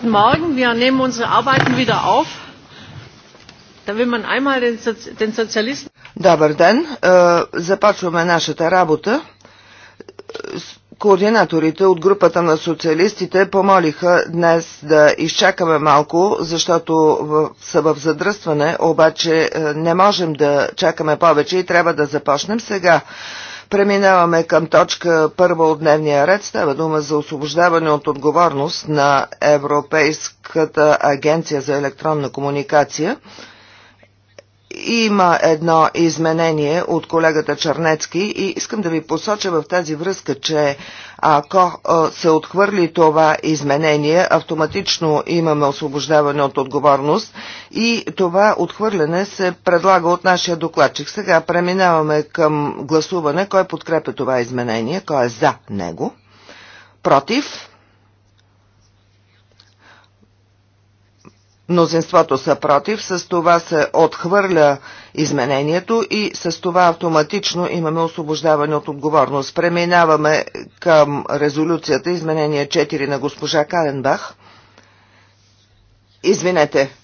Guten Morgen, wir nehmen unsere Arbeiten wieder auf. Da will man einmal den, Sozi den Sozialisten. Добър ден, е, започваме нашата работа. Координаторите от групата на социалистите помолиха днес да изчакаме малко, защото са в задръстване, обаче е, не можем да чакаме повече и трябва да започнем сега. Преминаваме към точка първа от дневния ред. Става дума за освобождаване от отговорност на Европейската агенция за електронна комуникация. Има едно изменение от колегата Чернецки и искам да ви посоча в тази връзка, че ако се отхвърли това изменение, автоматично имаме освобождаване от отговорност и това отхвърляне се предлага от нашия докладчик. Сега преминаваме към гласуване. Кой подкрепя това изменение? Кой е за него? Против? мнозинството са против, с това се отхвърля изменението и с това автоматично имаме освобождаване от отговорност. Преминаваме към резолюцията, изменение 4 на госпожа Каленбах. Извинете.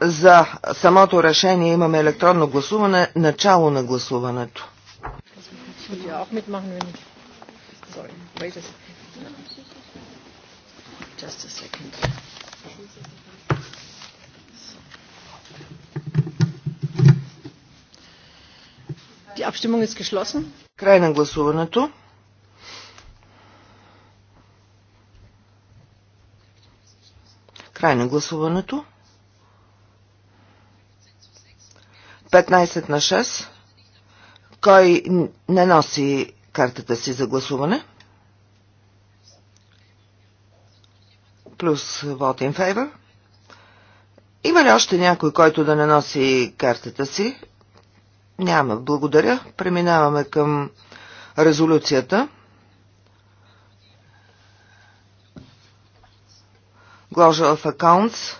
За самото решение имаме електронно гласуване, начало на гласуването. Sorry, wait a second. Just a second. Die Abstimmung ist geschlossen. Край Glasurnato. гласуването. Край на гласуването. 15 на 6. Кой не носи картата си за гласуване? 15 плюс вот in favor. Има ли още някой, който да не носи картата си? Няма. Благодаря. Преминаваме към резолюцията. Гложа в Accounts.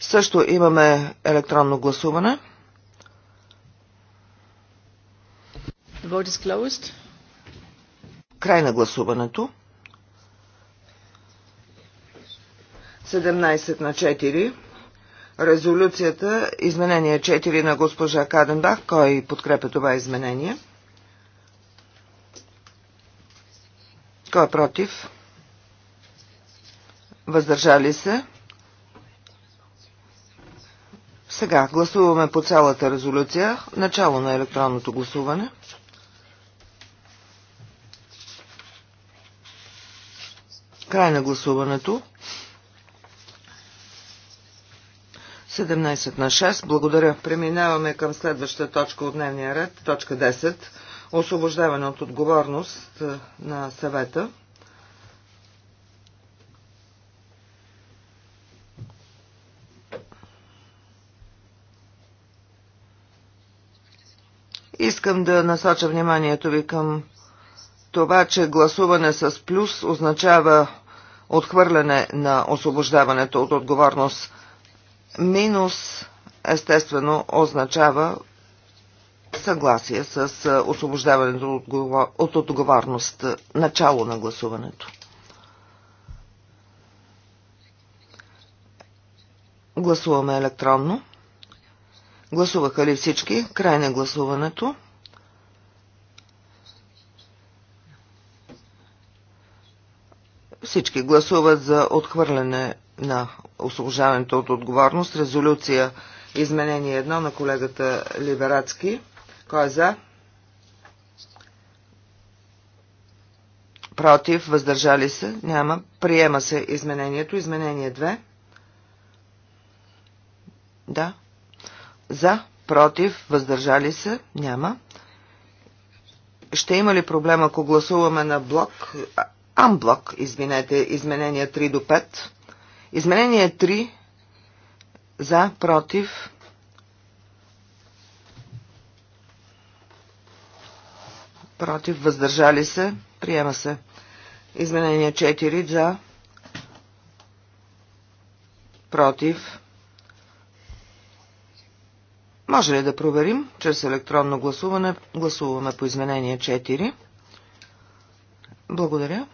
Също имаме електронно гласуване. Край на гласуването. 17 на 4. Резолюцията, изменение 4 на госпожа Каденбах. Кой подкрепя това изменение? Кой е против? Въздържали се? Сега гласуваме по цялата резолюция. Начало на електронното гласуване. Край на гласуването. 17 на 6. Благодаря. Преминаваме към следваща точка от дневния ред, точка 10. Освобождаване от отговорност е, на съвета. Искам да насоча вниманието ви към това, че гласуване с плюс означава отхвърляне на освобождаването от отговорност. Минус, естествено, означава съгласие с освобождаването от отговорност, начало на гласуването. Гласуваме електронно. Гласуваха ли всички? Край на гласуването. Всички гласуват за отхвърляне на освобождаването от отговорност. Резолюция изменение едно на колегата Либерацки. Кой е за? Против, въздържали се? Няма. Приема се изменението. Изменение 2. Да. За, против, въздържали се? Няма. Ще има ли проблем, ако гласуваме на блок? Амблок, извинете, изменения 3 до 5? Изменение 3 за, против, против, въздържали се, приема се. Изменение 4 за, против. Може ли да проверим? Чрез електронно гласуване гласуваме по изменение 4. Благодаря.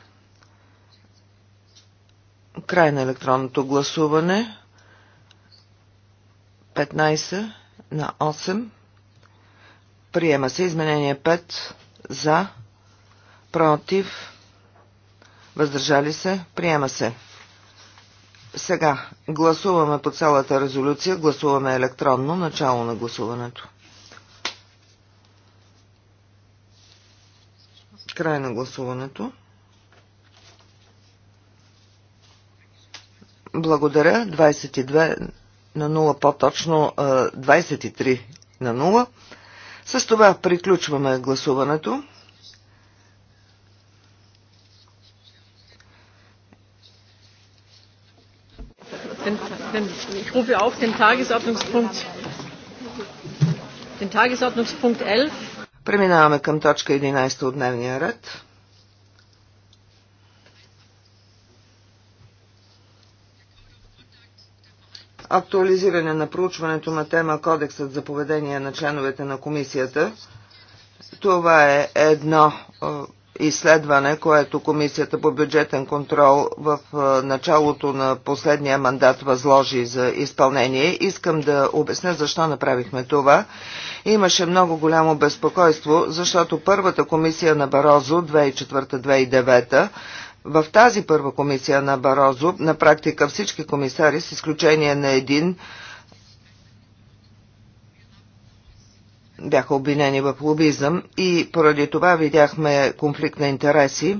Край на електронното гласуване. 15 на 8. Приема се изменение 5 за, против, въздържали се, приема се. Сега гласуваме по цялата резолюция, гласуваме електронно, начало на гласуването. Край на гласуването. Благодаря. 22 на 0, по-точно 23 на 0. С това приключваме гласуването. Ich rufe auf den Tagesordnungspunkt, den Tagesordnungspunkt 11. Преминаваме към точка 11 от дневния ред. актуализиране на проучването на тема Кодексът за поведение на членовете на комисията. Това е едно е, изследване, което Комисията по бюджетен контрол в е, началото на последния мандат възложи за изпълнение. Искам да обясня защо направихме това. Имаше много голямо безпокойство, защото първата комисия на Барозо 2004-2009 в тази първа комисия на Барозо, на практика всички комисари, с изключение на един, бяха обвинени в лобизъм и поради това видяхме конфликт на интереси.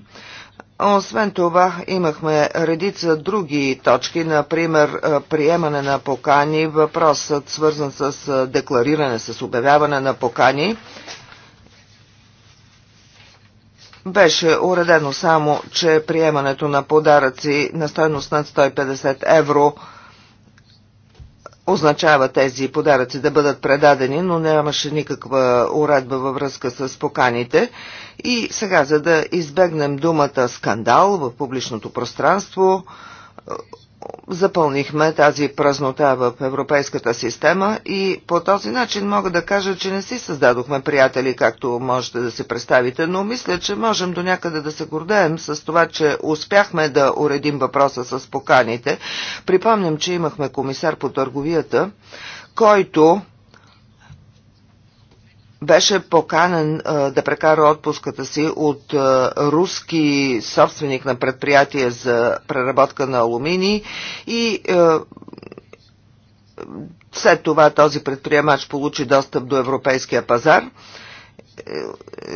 Освен това, имахме редица други точки, например приемане на покани, въпросът свързан с деклариране, с обявяване на покани беше уредено само, че приемането на подаръци на стойност над 150 евро означава тези подаръци да бъдат предадени, но нямаше никаква уредба във връзка с поканите. И сега, за да избегнем думата скандал в публичното пространство, запълнихме тази празнота в европейската система и по този начин мога да кажа, че не си създадохме приятели, както можете да си представите, но мисля, че можем до някъде да се гордеем с това, че успяхме да уредим въпроса с поканите. Припомням, че имахме комисар по търговията, който беше поканен а, да прекара отпуската си от а, руски собственик на предприятие за преработка на алуминий и а, след това този предприемач получи достъп до европейския пазар. А,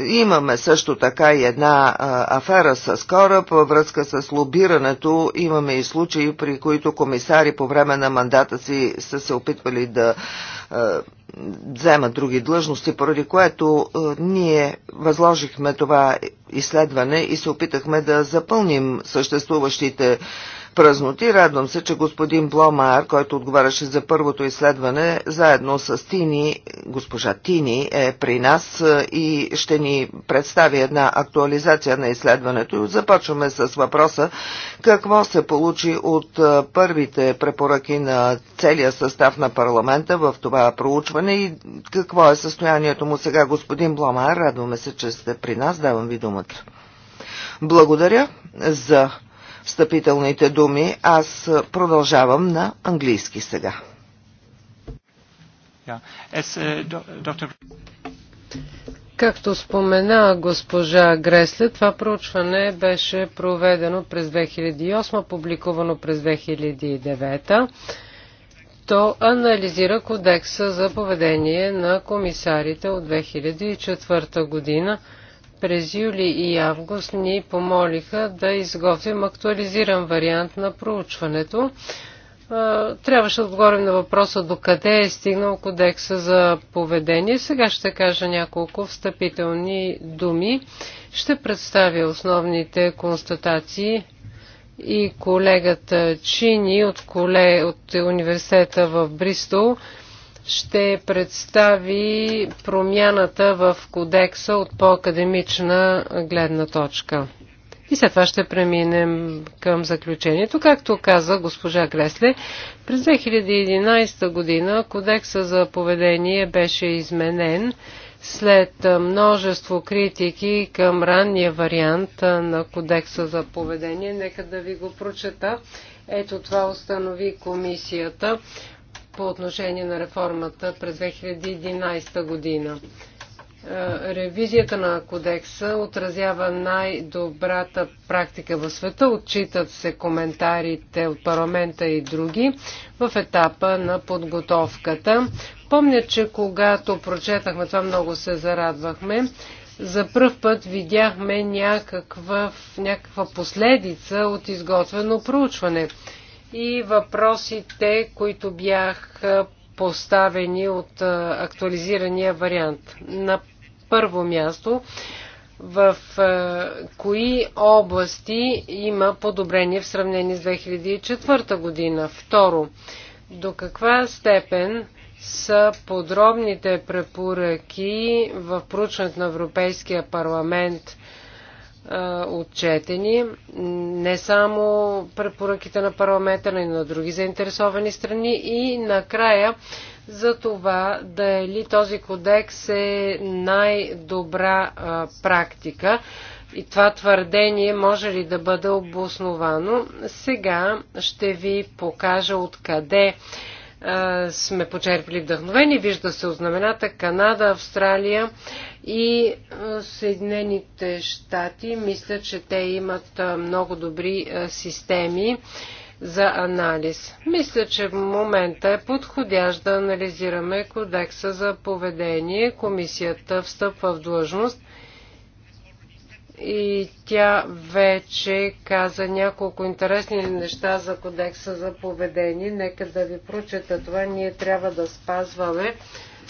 имаме също така и една а, афера с кораб във връзка с лобирането. Имаме и случаи, при които комисари по време на мандата си са се опитвали да а, вземат други длъжности, поради което а, ние възложихме това изследване и се опитахме да запълним съществуващите празноти. Радвам се, че господин Бломар, който отговаряше за първото изследване, заедно с Тини, госпожа Тини е при нас е, и ще ни представи една актуализация на изследването. Започваме с въпроса какво се получи от е, първите препоръки на целия състав на парламента в това проучване и какво е състоянието му сега. Господин Бломар, радваме се, че сте при нас. Давам ви дума темата. Благодаря за встъпителните думи. Аз продължавам на английски сега. Uh, Както спомена госпожа Гресле, това проучване беше проведено през 2008, публикувано през 2009. То анализира кодекса за поведение на комисарите от 2004 година през юли и август ни помолиха да изготвим актуализиран вариант на проучването. Трябваше да отговорим на въпроса до къде е стигнал кодекса за поведение. Сега ще кажа няколко встъпителни думи. Ще представя основните констатации и колегата Чини от, коле, от университета в Бристол ще представи промяната в кодекса от по-академична гледна точка. И след това ще преминем към заключението. Както каза госпожа Кресле, през 2011 година кодекса за поведение беше изменен след множество критики към ранния вариант на кодекса за поведение. Нека да ви го прочета. Ето това установи комисията по отношение на реформата през 2011 година. Е, ревизията на кодекса отразява най-добрата практика в света. Отчитат се коментарите от парламента и други в етапа на подготовката. Помня, че когато прочетахме това, много се зарадвахме. За първ път видяхме някаква, някаква последица от изготвено проучване и въпросите, които бяха поставени от актуализирания вариант. На първо място, в кои области има подобрение в сравнение с 2004 година? Второ, до каква степен са подробните препоръки в проучването на Европейския парламент – отчетени не само препоръките на парламента, но и на други заинтересовани страни и накрая за това дали този кодекс е най-добра практика и това твърдение може ли да бъде обосновано. Сега ще ви покажа откъде сме почерпили вдъхновение. Вижда се ознамената Канада, Австралия и Съединените щати. Мисля, че те имат много добри системи за анализ. Мисля, че в момента е подходящ да анализираме кодекса за поведение. Комисията встъпва в длъжност и тя вече каза няколко интересни неща за кодекса за поведение. Нека да ви прочета това. Ние трябва да спазваме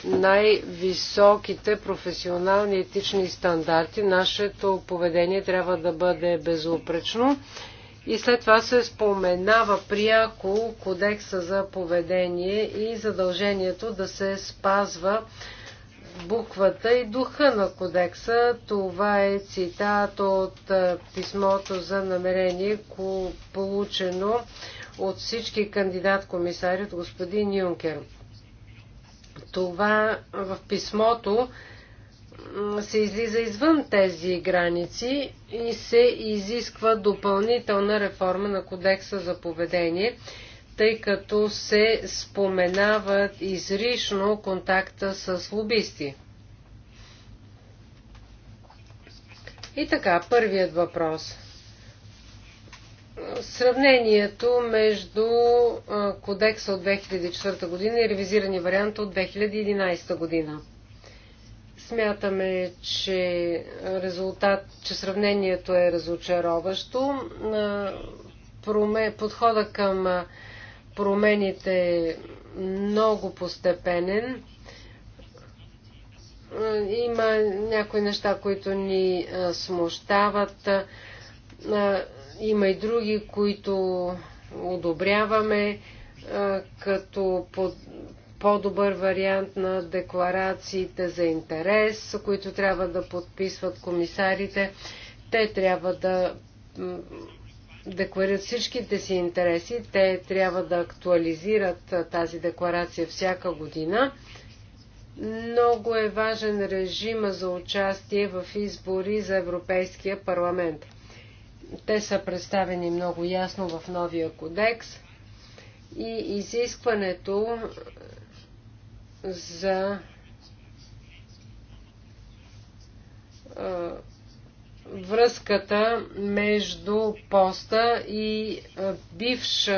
най-високите професионални етични стандарти. Нашето поведение трябва да бъде безупречно. И след това се споменава пряко кодекса за поведение и задължението да се спазва буквата и духа на кодекса. Това е цитат от писмото за намерение, получено от всички кандидат-комисари от господин Юнкер. Това в писмото се излиза извън тези граници и се изисква допълнителна реформа на кодекса за поведение тъй като се споменават изрично контакта с лобисти. И така, първият въпрос. Сравнението между кодекса от 2004 година и ревизирани вариант от 2011 година. Смятаме, че, резултат, че сравнението е разочароващо. Подхода към промените е много постепенен. Има някои неща, които ни смущават. Има и други, които одобряваме като по-добър вариант на декларациите за интерес, които трябва да подписват комисарите. Те трябва да декларират всичките си интереси. Те трябва да актуализират тази декларация всяка година. Много е важен режима за участие в избори за Европейския парламент. Те са представени много ясно в новия кодекс и изискването за връзката между поста и бивш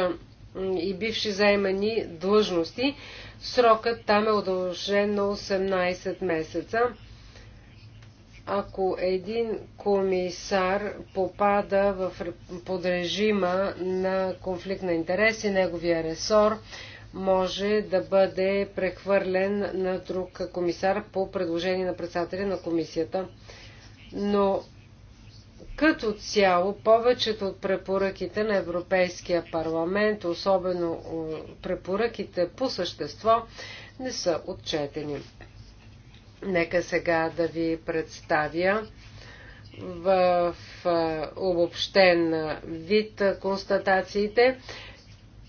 и бивши заемани длъжности. Срокът там е удължен на 18 месеца. Ако един комисар попада в под режима на конфликт на интереси, неговия ресор може да бъде прехвърлен на друг комисар по предложение на председателя на комисията. Но като цяло, повечето от препоръките на Европейския парламент, особено препоръките по същество, не са отчетени. Нека сега да ви представя в обобщен вид констатациите.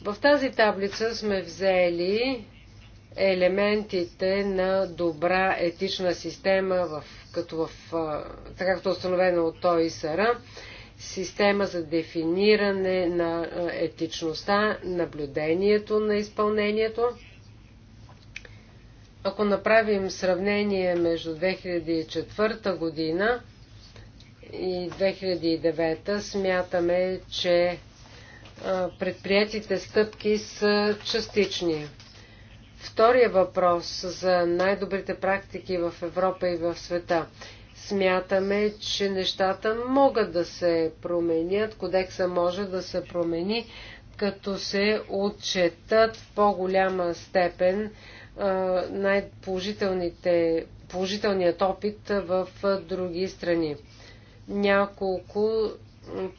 В тази таблица сме взели елементите на добра етична система, в, като в, така като е установена от ОИСР, система за дефиниране на етичността, наблюдението на изпълнението. Ако направим сравнение между 2004 година и 2009, смятаме, че предприятите стъпки са частични. Втория въпрос за най-добрите практики в Европа и в света. Смятаме, че нещата могат да се променят, кодекса може да се промени, като се отчетат в по-голяма степен най-положителните положителният опит в други страни. Няколко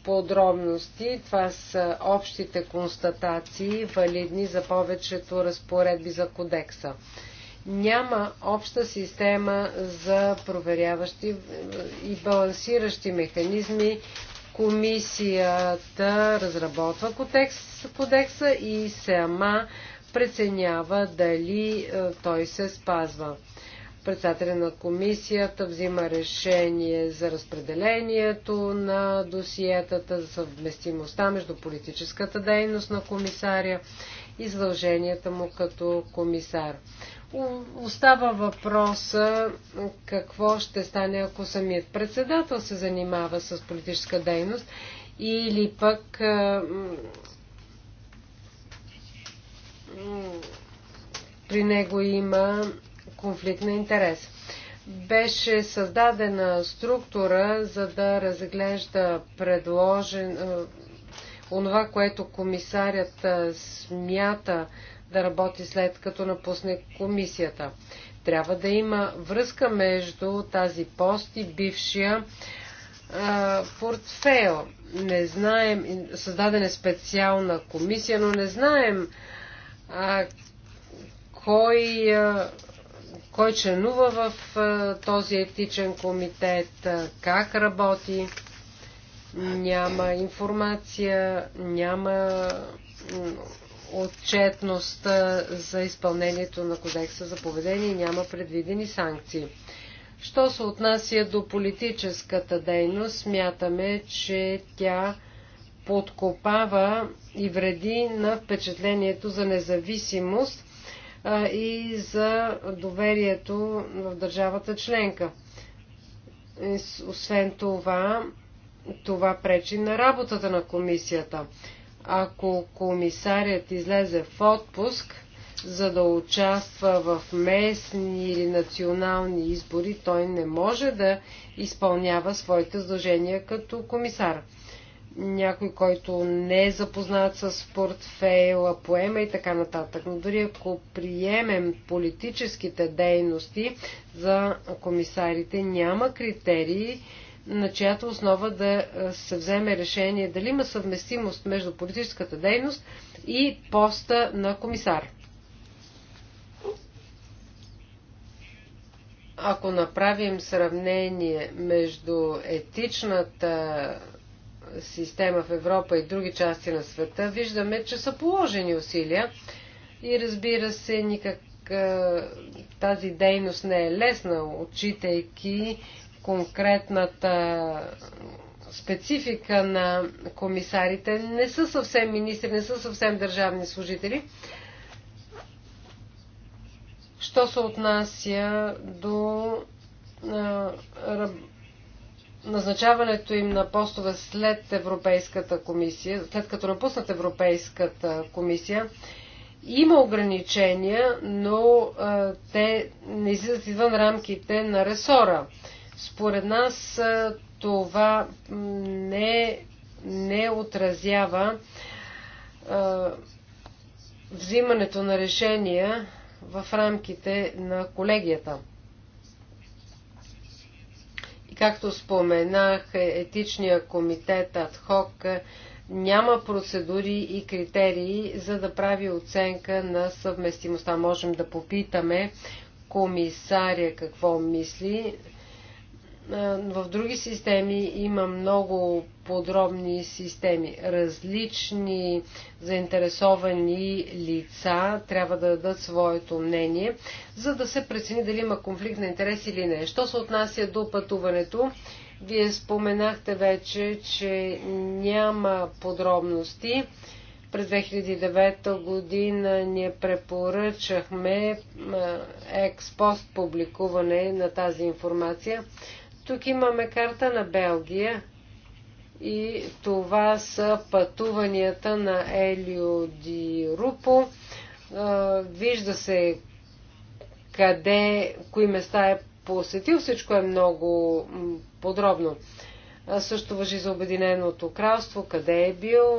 подробности. Това са общите констатации, валидни за повечето разпоредби за кодекса. Няма обща система за проверяващи и балансиращи механизми. Комисията разработва кодекс, кодекса и сама преценява дали е, той се спазва. Председателя на комисията взима решение за разпределението на досиетата, за съвместимостта между политическата дейност на комисаря и задълженията му като комисар. Остава въпроса какво ще стане, ако самият председател се занимава с политическа дейност или пък при него има конфликт на интерес. Беше създадена структура, за да разглежда предложен, е, онова, което комисарят е, смята да работи след като напусне комисията. Трябва да има връзка между тази пост и бившия а, е, портфейл. Не знаем, създадена специална комисия, но не знаем а, кой а, кой членува в този етичен комитет, как работи. Няма информация, няма отчетност за изпълнението на кодекса за поведение няма предвидени санкции. Що се отнася до политическата дейност, смятаме, че тя подкопава и вреди на впечатлението за независимост и за доверието в държавата членка. Освен това, това пречи на работата на комисията. Ако комисарият излезе в отпуск, за да участва в местни или национални избори, той не може да изпълнява своите задължения като комисар някой, който не е запознат с портфейла, поема и така нататък. Но дори ако приемем политическите дейности за комисарите, няма критерии, на чиято основа да се вземе решение дали има съвместимост между политическата дейност и поста на комисар. Ако направим сравнение между етичната система в Европа и други части на света, виждаме, че са положени усилия и разбира се, никак тази дейност не е лесна, отчитайки конкретната специфика на комисарите. Не са съвсем министри, не са съвсем държавни служители. Що се отнася до назначаването им на постове след Европейската комисия, след като напуснат Европейската комисия, има ограничения, но а, те не излизат извън рамките на ресора. Според нас а, това не, не отразява а, взимането на решения в рамките на колегията. Както споменах, е- етичния комитет Адхок е, няма процедури и критерии за да прави оценка на съвместимостта. Можем да попитаме комисаря какво мисли в други системи има много подробни системи. Различни заинтересовани лица трябва да дадат своето мнение, за да се прецени дали има конфликт на интерес или не. Що се отнася до пътуването, вие споменахте вече, че няма подробности. През 2009 година ние препоръчахме експост публикуване на тази информация. Тук имаме карта на Белгия и това са пътуванията на Елио Ди Рупо. Вижда се къде, кои места е посетил. Всичко е много подробно. Също въжи за Обединеното кралство, къде е бил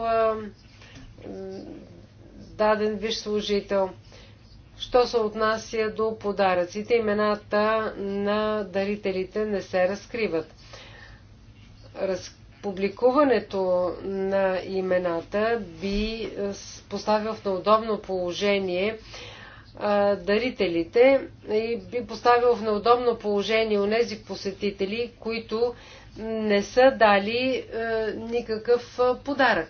даден виж служител – Що се отнася до подаръците, имената на дарителите не се разкриват. Разпубликуването Публикуването на имената би е, поставил в неудобно положение е, дарителите и би поставил в неудобно положение у нези посетители, които не са дали е, никакъв подарък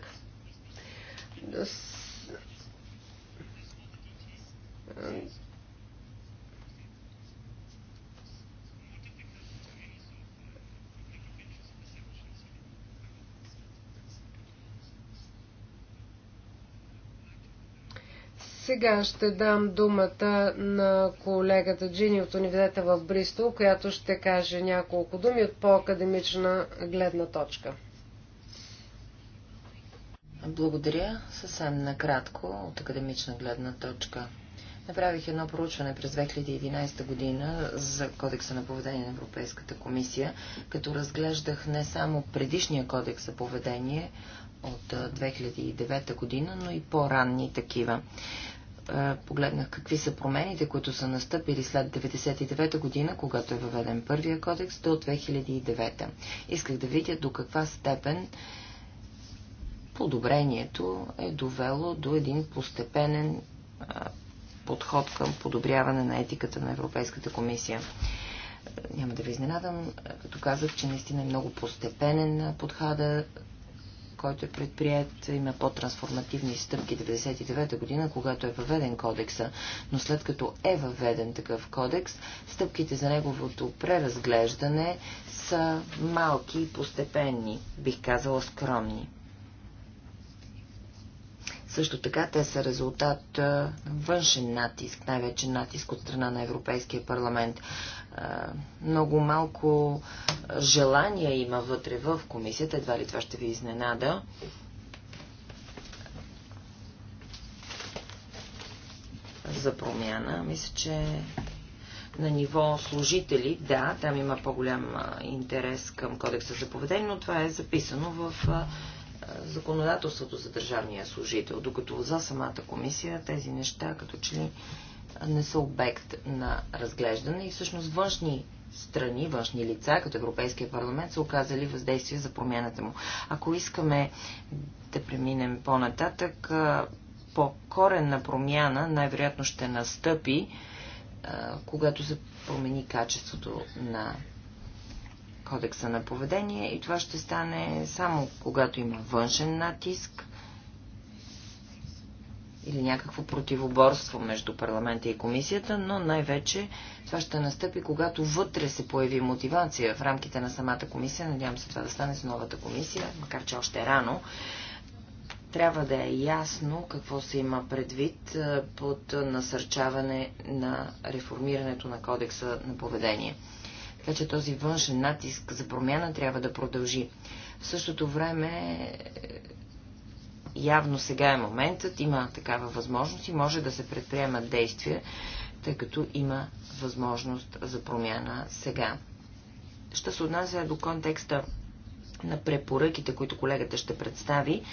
сега ще дам думата на колегата Джини от университета в Бристол, която ще каже няколко думи от по-академична гледна точка. Благодаря. Съвсем накратко от академична гледна точка. Направих едно проучване през 2011 година за Кодекса на поведение на Европейската комисия, като разглеждах не само предишния кодекс за поведение от 2009 година, но и по-ранни такива. Е, погледнах какви са промените, които са настъпили след 1999 година, когато е въведен първия кодекс, до 2009. Исках да видя до каква степен подобрението е довело до един постепенен подход към подобряване на етиката на Европейската комисия. Няма да ви изненадам, като казах, че наистина е много постепенен подхода, който е предприят, има по-трансформативни стъпки 99-та година, когато е въведен кодекса, но след като е въведен такъв кодекс, стъпките за неговото преразглеждане са малки и постепенни, бих казала скромни. Също така те са резултат на външен натиск, най-вече натиск от страна на Европейския парламент. Много малко желание има вътре в комисията, едва ли това ще ви изненада. за промяна. Мисля, че на ниво служители, да, там има по-голям интерес към кодекса за поведение, но това е записано в законодателството за държавния служител, докато за самата комисия тези неща като че ли не са обект на разглеждане и всъщност външни страни, външни лица, като Европейския парламент, са оказали въздействие за промяната му. Ако искаме да преминем по-нататък, по-коренна промяна най-вероятно ще настъпи, когато се промени качеството на кодекса на поведение и това ще стане само когато има външен натиск или някакво противоборство между парламента и комисията, но най-вече това ще настъпи, когато вътре се появи мотивация в рамките на самата комисия. Надявам се това да стане с новата комисия, макар че още е рано. Трябва да е ясно какво се има предвид е, под насърчаване на реформирането на кодекса на поведение. Така че този външен натиск за промяна трябва да продължи. В същото време е, явно сега е моментът, има такава възможност и може да се предприемат действия, тъй като има възможност за промяна сега. Ще се отнася до контекста на препоръките, които колегата ще представи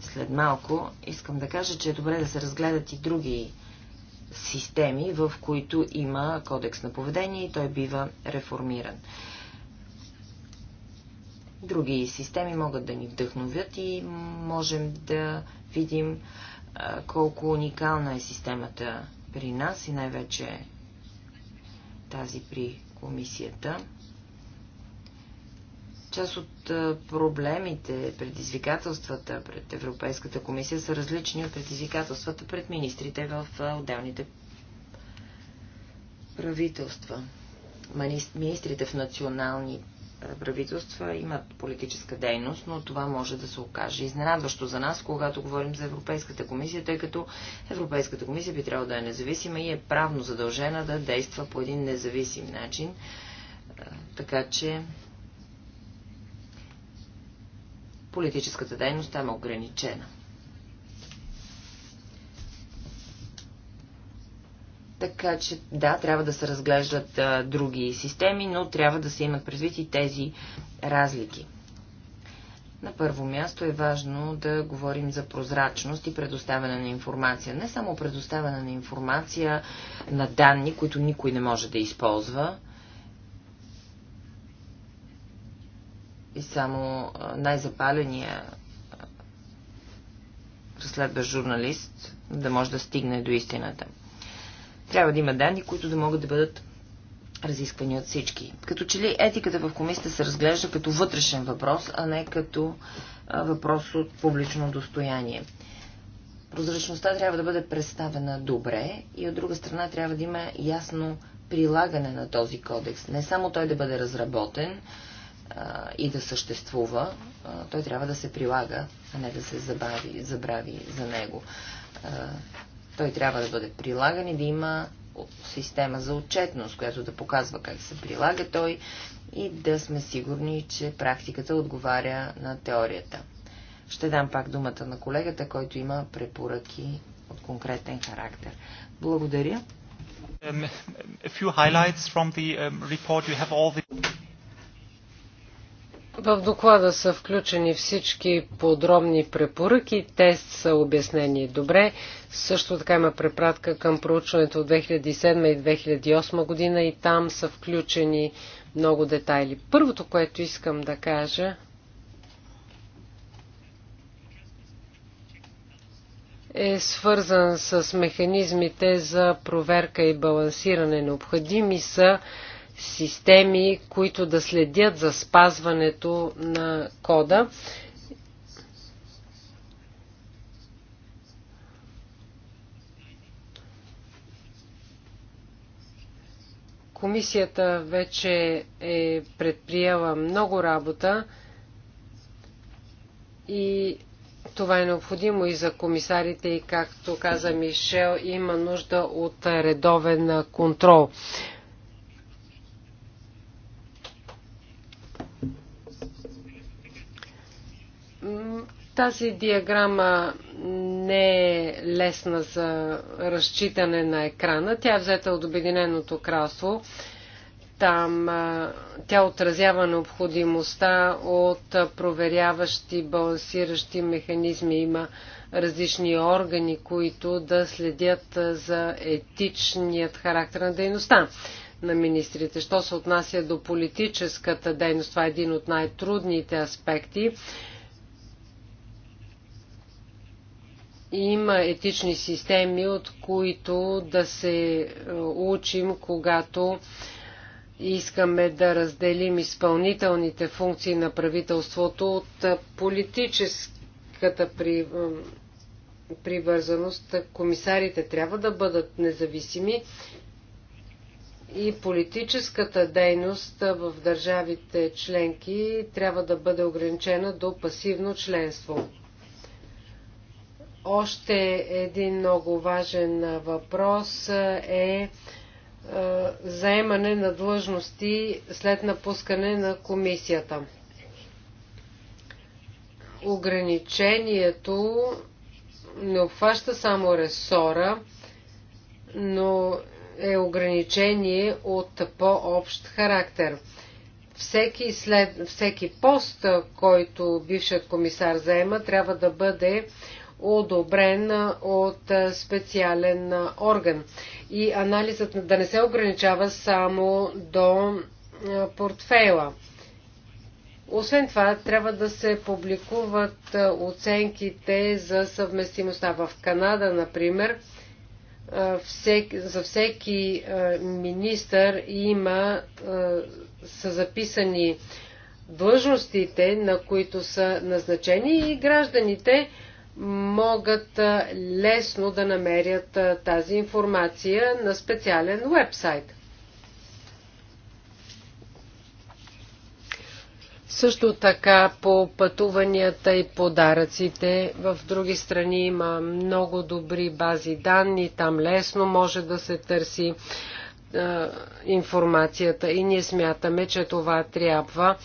след малко, искам да кажа, че е добре да се разгледат и други системи, в които има кодекс на поведение и той бива реформиран. Други системи могат да ни вдъхновят и можем да видим колко уникална е системата при нас и най-вече тази при комисията. Част от проблемите, предизвикателствата пред Европейската комисия са различни от предизвикателствата пред министрите в отделните правителства. Министрите в национални правителства имат политическа дейност, но това може да се окаже изненадващо за нас, когато говорим за Европейската комисия, тъй като Европейската комисия би трябвало да е независима и е правно задължена да действа по един независим начин. Така че Политическата дейност там е ограничена. Така че, да, трябва да се разглеждат а, други системи, но трябва да се имат предвид и тези разлики. На първо място е важно да говорим за прозрачност и предоставяне на информация. Не само предоставяне на информация на данни, които никой не може да използва, и само най-запаления разследващ журналист да може да стигне до истината. Трябва да има данни, които да могат да бъдат разисквани от всички. Като че ли етиката в комисията се разглежда като вътрешен въпрос, а не като въпрос от публично достояние. Прозрачността трябва да бъде представена добре и от друга страна трябва да има ясно прилагане на този кодекс. Не само той да бъде разработен, и да съществува, той трябва да се прилага, а не да се забави, забрави за него. Той трябва да бъде прилаган и да има система за отчетност, която да показва как се прилага той и да сме сигурни, че практиката отговаря на теорията. Ще дам пак думата на колегата, който има препоръки от конкретен характер. Благодаря. Um, the, um, the... В доклада са включени всички подробни препоръки, те са обяснени добре. Също така има препратка към проучването от 2007 и 2008 година и там са включени много детайли. Първото, което искам да кажа е свързан с механизмите за проверка и балансиране. Необходими са системи, които да следят за спазването на кода. Комисията вече е предприела много работа и това е необходимо и за комисарите и както каза Мишел, има нужда от редовен контрол. Тази диаграма не е лесна за разчитане на екрана. Тя е взета от Обединеното кралство. Там тя отразява необходимостта от проверяващи, балансиращи механизми. Има различни органи, които да следят за етичният характер на дейността на министрите. Що се отнася до политическата дейност, това е един от най-трудните аспекти има етични системи, от които да се е, учим, когато искаме да разделим изпълнителните функции на правителството от е, политическата при, е, привързаност. Комисарите трябва да бъдат независими и политическата дейност в държавите членки трябва да бъде ограничена до пасивно членство. Още един много важен въпрос е заемане на длъжности след напускане на комисията. Ограничението не обхваща само ресора, но е ограничение от по-общ характер. Всеки, след, всеки пост, който бившият комисар заема, трябва да бъде одобрен от специален орган. И анализът да не се ограничава само до портфейла. Освен това, трябва да се публикуват оценките за съвместимостта. В Канада, например, за всеки министър има са записани длъжностите, на които са назначени и гражданите могат лесно да намерят тази информация на специален вебсайт. Също така по пътуванията и подаръците в други страни има много добри бази данни, там лесно може да се търси е, информацията и ние смятаме, че това трябва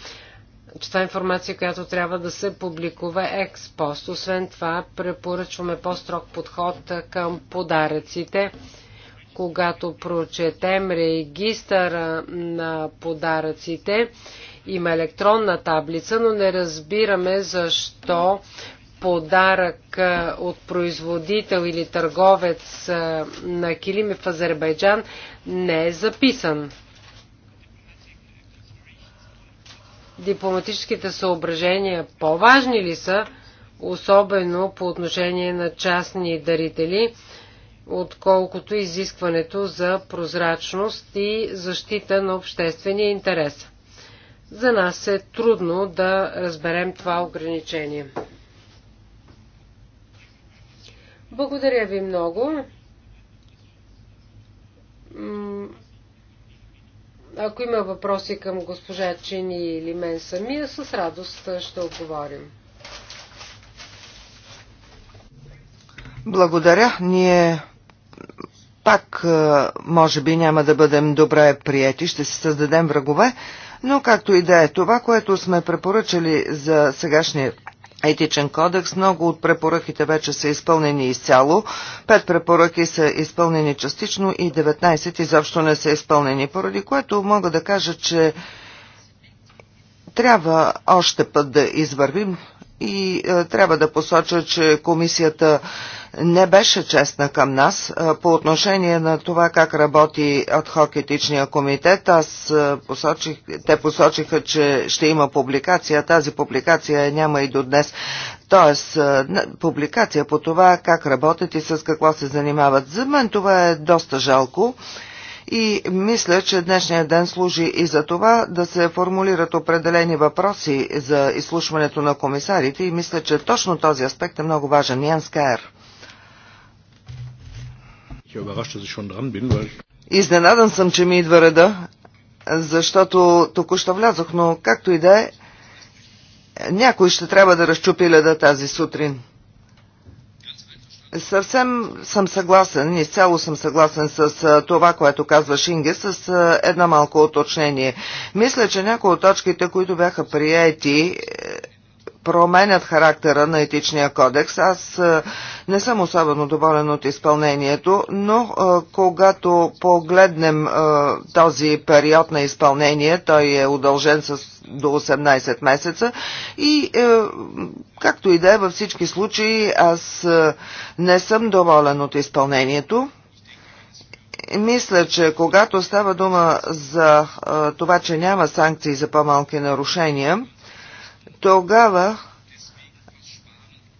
че това е информация, която трябва да се публикува експост. Освен това, препоръчваме по-строг подход към подаръците. Когато прочетем регистъра на подаръците, има електронна таблица, но не разбираме защо подарък от производител или търговец на килими в Азербайджан не е записан. дипломатическите съображения по-важни ли са, особено по отношение на частни дарители, отколкото изискването за прозрачност и защита на обществения интерес. За нас е трудно да разберем това ограничение. Благодаря ви много ако има въпроси към госпожа Чини или мен самия, с радост ще отговорим. Благодаря. Ние пак може би няма да бъдем добре прияти, ще си създадем врагове, но както и да е това, което сме препоръчали за сегашния етичен кодекс. Много от препоръките вече са изпълнени изцяло, пет препоръки са изпълнени частично и 19 изобщо не са изпълнени, поради което мога да кажа, че трябва още път да извървим и а, е, трябва да посоча, че комисията не беше честна към нас а, е, по отношение на това как работи адхок етичния комитет. Аз а, е, посочих, те посочиха, че ще има публикация. Тази публикация няма и до днес. Тоест, публикация по това как работят и с какво се занимават. За мен това е доста жалко. А, и мисля, че днешния ден служи и за това да се формулират определени въпроси за изслушването на комисарите и мисля, че точно този аспект е много важен. Ян Скайер. Изненадан съм, че ми идва реда, защото току-що влязох, но както и да е, някой ще трябва да разчупи леда тази сутрин. Съвсем съм съгласен, изцяло съм съгласен с това, което казва Шинге, с едно малко уточнение. Мисля, че някои от точките, които бяха приети, е, променят характера на етичния кодекс. Аз е, не съм особено доволен от изпълнението, но е, когато погледнем е, този период на изпълнение, той е удължен с до 18 месеца и както и да е във всички случаи, аз не съм доволен от изпълнението мисля, че когато става дума за а, това, че няма санкции за по-малки нарушения, тогава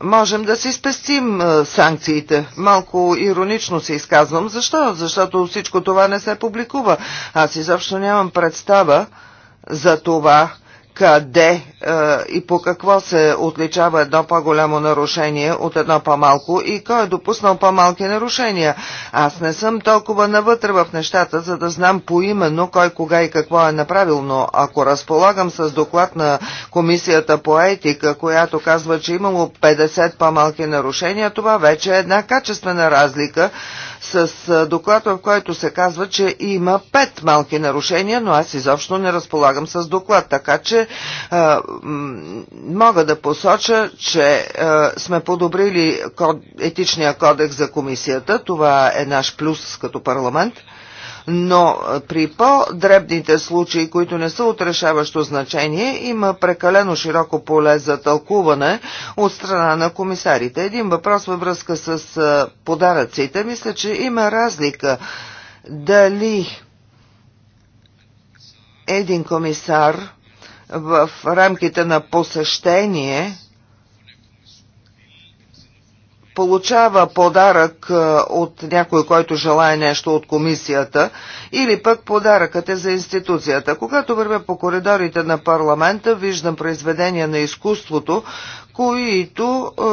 можем да си спестим санкциите. Малко иронично се изказвам. Защо? Защото всичко това не се публикува. Аз изобщо нямам представа за това, къде е, и по какво се отличава едно по-голямо нарушение от едно по-малко и кой е допуснал по-малки нарушения. Аз не съм толкова навътре в нещата, за да знам поименно кой кога и какво е направил, но ако разполагам с доклад на Комисията по етика, която казва, че имало 50 по-малки нарушения, това вече е една качествена разлика с доклад, в който се казва, че има пет малки нарушения, но аз изобщо не разполагам с доклад, така че а, мога да посоча, че а, сме подобрили код, етичния кодекс за комисията. Това е наш плюс като парламент но при по-дребните случаи, които не са отрешаващо значение, има прекалено широко поле за тълкуване от страна на комисарите. Един въпрос във връзка с подаръците. Мисля, че има разлика дали един комисар в рамките на посещение получава подарък е, от някой, който желая нещо от комисията, или пък подаръкът е за институцията. Когато вървя по коридорите на парламента, виждам произведения на изкуството, които е,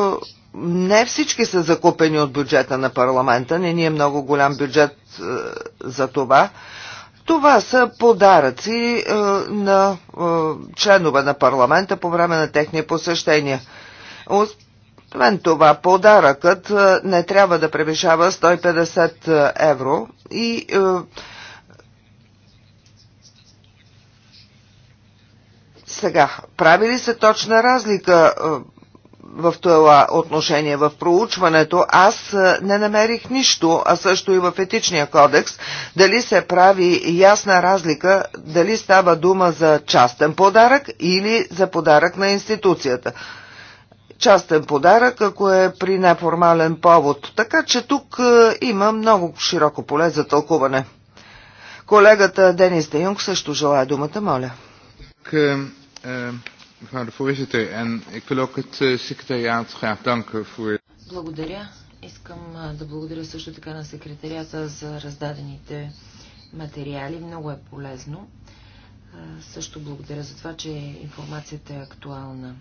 не всички са закупени от бюджета на парламента, не ни е много голям бюджет е, за това. Това са подаръци на членове на парламента по време на техния посещения. Мен това подаръкът е, не трябва да превишава 150 е, евро и е, сега, прави ли се точна разлика е, в това отношение в проучването, аз е, не намерих нищо, а също и в етичния кодекс, дали се прави ясна разлика, дали става дума за частен подарък или за подарък на институцията частен подарък, ако е при неформален повод. Така че тук е, има много широко поле за тълкуване. Колегата Денис Юнг също желая думата, моля. Е, е, благодаря. Искам да благодаря също така на секретарията за раздадените материали. Много е полезно. Също благодаря за това, че информацията е актуална.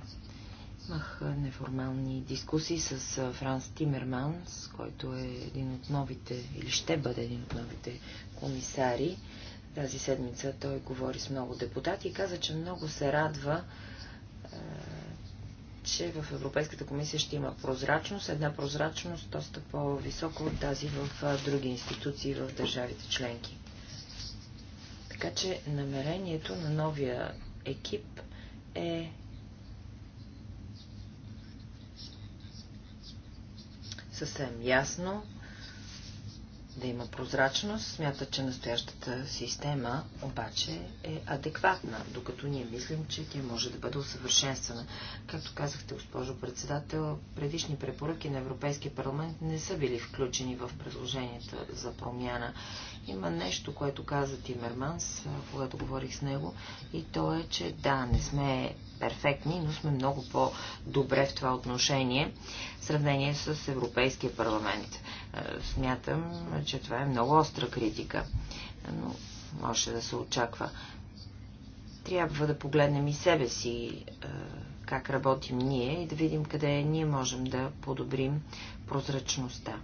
Имах неформални дискусии с Франс Тимерманс, който е един от новите, или ще бъде един от новите комисари. Тази седмица той говори с много депутати и каза, че много се радва, че в Европейската комисия ще има прозрачност, една прозрачност доста по-висока от тази в други институции в държавите членки. Така че намерението на новия екип е съвсем ясно, да има прозрачност. Смята, че настоящата система обаче е адекватна, докато ние мислим, че тя може да бъде усъвършенствана. Както казахте, госпожо председател, предишни препоръки на Европейския парламент не са били включени в предложенията за промяна. Има нещо, което каза Тимерманс, когато говорих с него, и то е, че да, не сме перфектни, но сме много по-добре в това отношение в сравнение с Европейския парламент. Е, смятам, че това е много остра критика, но може да се очаква. Трябва да погледнем и себе си, е, как работим ние и да видим къде ние можем да подобрим прозрачността.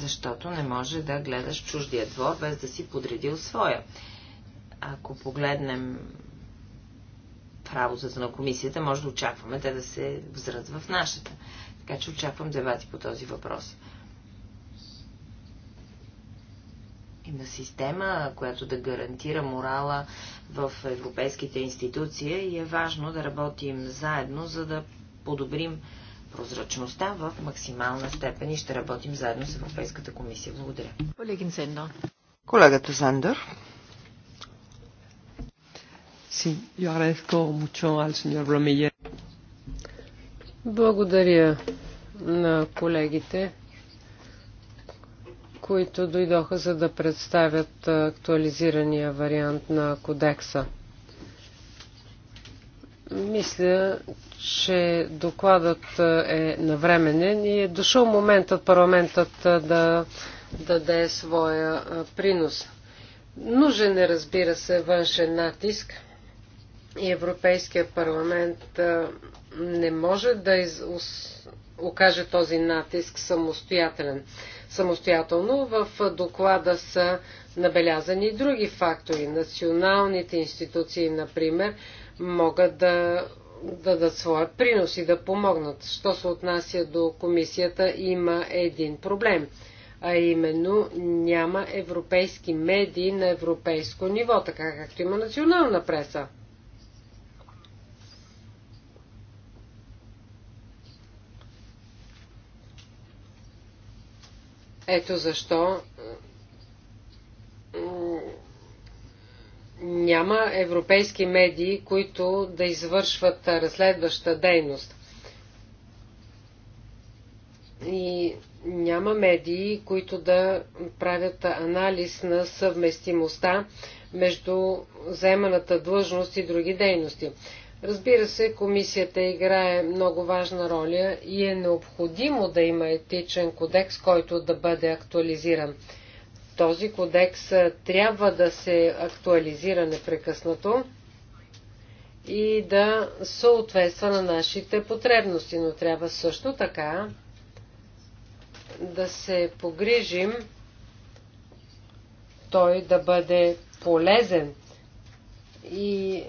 защото не може да гледаш чуждия двор, без да си подредил своя. Ако погледнем в на комисията, може да очакваме те да се взрат в нашата. Така че очаквам дебати по този въпрос. Има система, която да гарантира морала в европейските институции и е важно да работим заедно, за да подобрим прозрачността в максимална степен и ще работим заедно с Европейската комисия. Благодаря. Колегин Сендо. Колегата Сандър. Sí, yo agradezco mucho al señor Благодаря на колегите, които дойдоха за да представят актуализирания вариант на кодекса. Мисля, че докладът е, е навременен и е дошъл моментът парламентът е, да даде своя е, принос. Нужен е, разбира се, външен натиск и Европейския парламент не може да из... окаже този натиск самостоятелен. Самостоятелно в доклада са набелязани и други фактори. Националните институции, например, могат да дадат своя принос и да помогнат. Що се отнася до комисията, има един проблем, а именно няма европейски медии на европейско ниво, така както има национална преса. Ето защо няма европейски медии, които да извършват разследваща дейност. И няма медии, които да правят анализ на съвместимостта между заеманата длъжност и други дейности. Разбира се, комисията играе много важна роля и е необходимо да има етичен кодекс, който да бъде актуализиран. Този кодекс трябва да се актуализира непрекъснато и да съответства на нашите потребности, но трябва също така да се погрижим той да бъде полезен и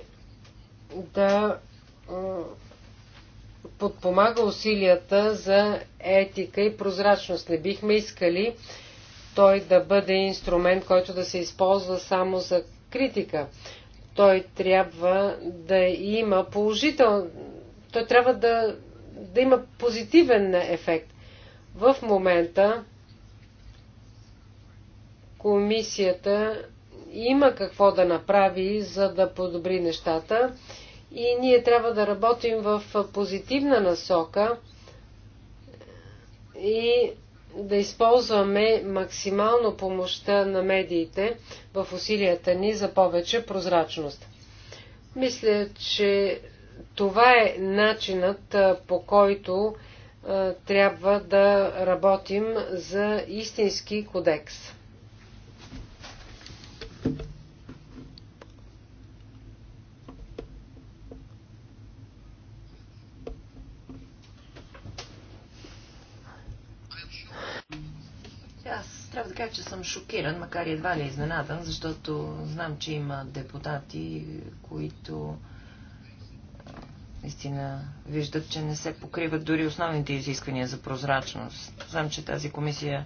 да подпомага усилията за етика и прозрачност. Не бихме искали той да бъде инструмент, който да се използва само за критика. Той трябва да има положител, той трябва да, да има позитивен ефект. В момента комисията има какво да направи, за да подобри нещата и ние трябва да работим в позитивна насока и да използваме максимално помощта на медиите в усилията ни за повече прозрачност. Мисля, че това е начинът по който трябва да работим за истински кодекс. Трябва да кажа, че съм шокиран, макар и едва ли изненадан, защото знам, че има депутати, които наистина виждат, че не се покриват дори основните изисквания за прозрачност. Знам, че тази комисия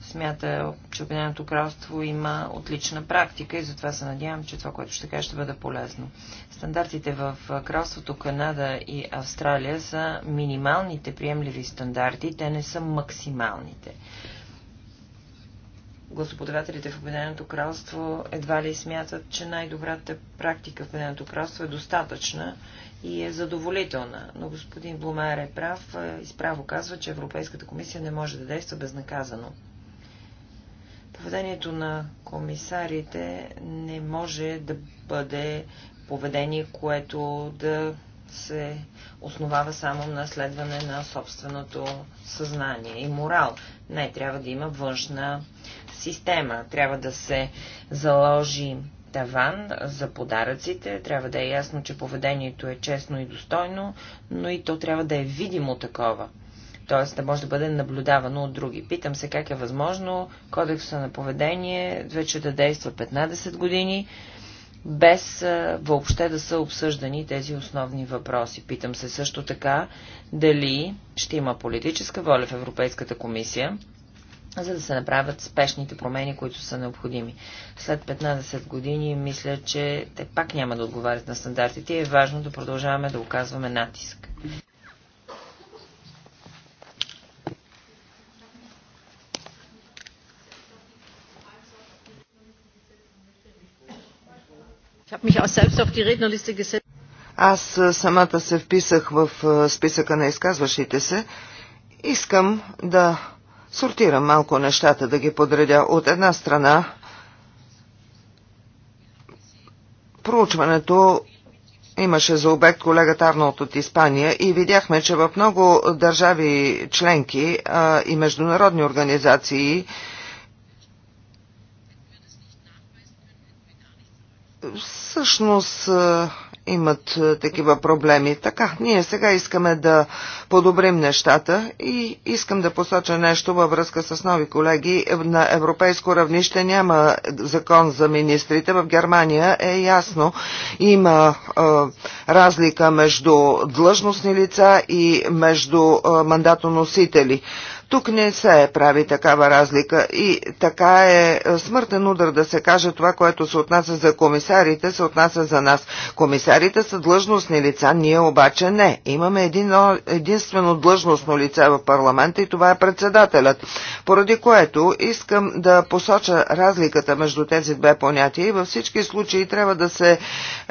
смята, че Обединеното кралство има отлична практика и затова се надявам, че това, което ще кажа, ще бъде полезно. Стандартите в кралството Канада и Австралия са минималните приемливи стандарти, те не са максималните гласоподавателите в Обединеното кралство едва ли смятат, че най-добрата практика в Обединеното кралство е достатъчна и е задоволителна. Но господин Блумайер е прав и справо казва, че Европейската комисия не може да действа безнаказано. Поведението на комисарите не може да бъде поведение, което да се основава само на следване на собственото съзнание и морал. Не, трябва да има външна система. Трябва да се заложи таван за подаръците. Трябва да е ясно, че поведението е честно и достойно, но и то трябва да е видимо такова. Тоест да може да бъде наблюдавано от други. Питам се как е възможно кодекса на поведение вече да действа 15 години без въобще да са обсъждани тези основни въпроси. Питам се също така дали ще има политическа воля в Европейската комисия, за да се направят спешните промени, които са необходими. След 15 години мисля, че те пак няма да отговарят на стандартите и е важно да продължаваме да оказваме натиск. Аз самата се вписах в списъка на изказващите се. Искам да сортирам малко нещата, да ги подредя. От една страна, проучването имаше за обект колегата Арнолд от Испания и видяхме, че в много държави членки и международни организации всъщност имат такива проблеми. Така, ние сега искаме да подобрим нещата и искам да посоча нещо във връзка с нови колеги. На европейско равнище няма закон за министрите. В Германия е ясно. Има е, разлика между длъжностни лица и между е, мандатоносители. Тук не се прави такава разлика и така е смъртен удар да се каже това, което се отнася за комисарите, се отнася за нас. Комисарите са длъжностни лица, ние обаче не. Имаме един, единствено длъжностно лице в парламента и това е председателят. Поради което искам да посоча разликата между тези две понятия и във всички случаи трябва да се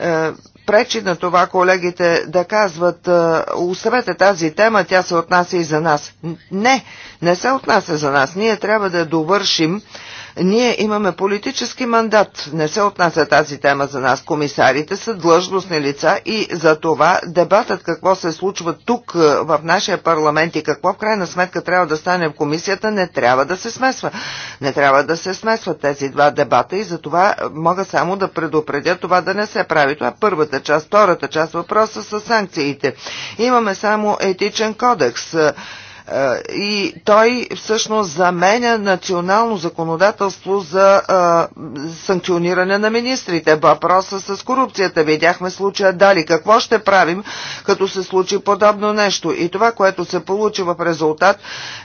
е, пречи на това колегите да казват оставете е, тази тема, тя се отнася и за нас. Не, не се отнася за нас. Ние трябва да довършим ние имаме политически мандат. Не се отнася тази тема за нас. Комисарите са длъжностни лица и за това дебатът какво се случва тук е, в нашия парламент и какво в крайна сметка трябва да стане в комисията не трябва да се смесва. Не трябва да се смесват тези два дебата и за това е, мога само да предупредя това да не се прави. Това е първата първата част. Втората част въпроса са санкциите. Имаме само етичен кодекс. Е, и той всъщност заменя национално законодателство за а, е, санкциониране на министрите. Въпроса с корупцията. Видяхме случая Дали. Какво ще правим, като се случи подобно нещо? И това, което се получи в резултат,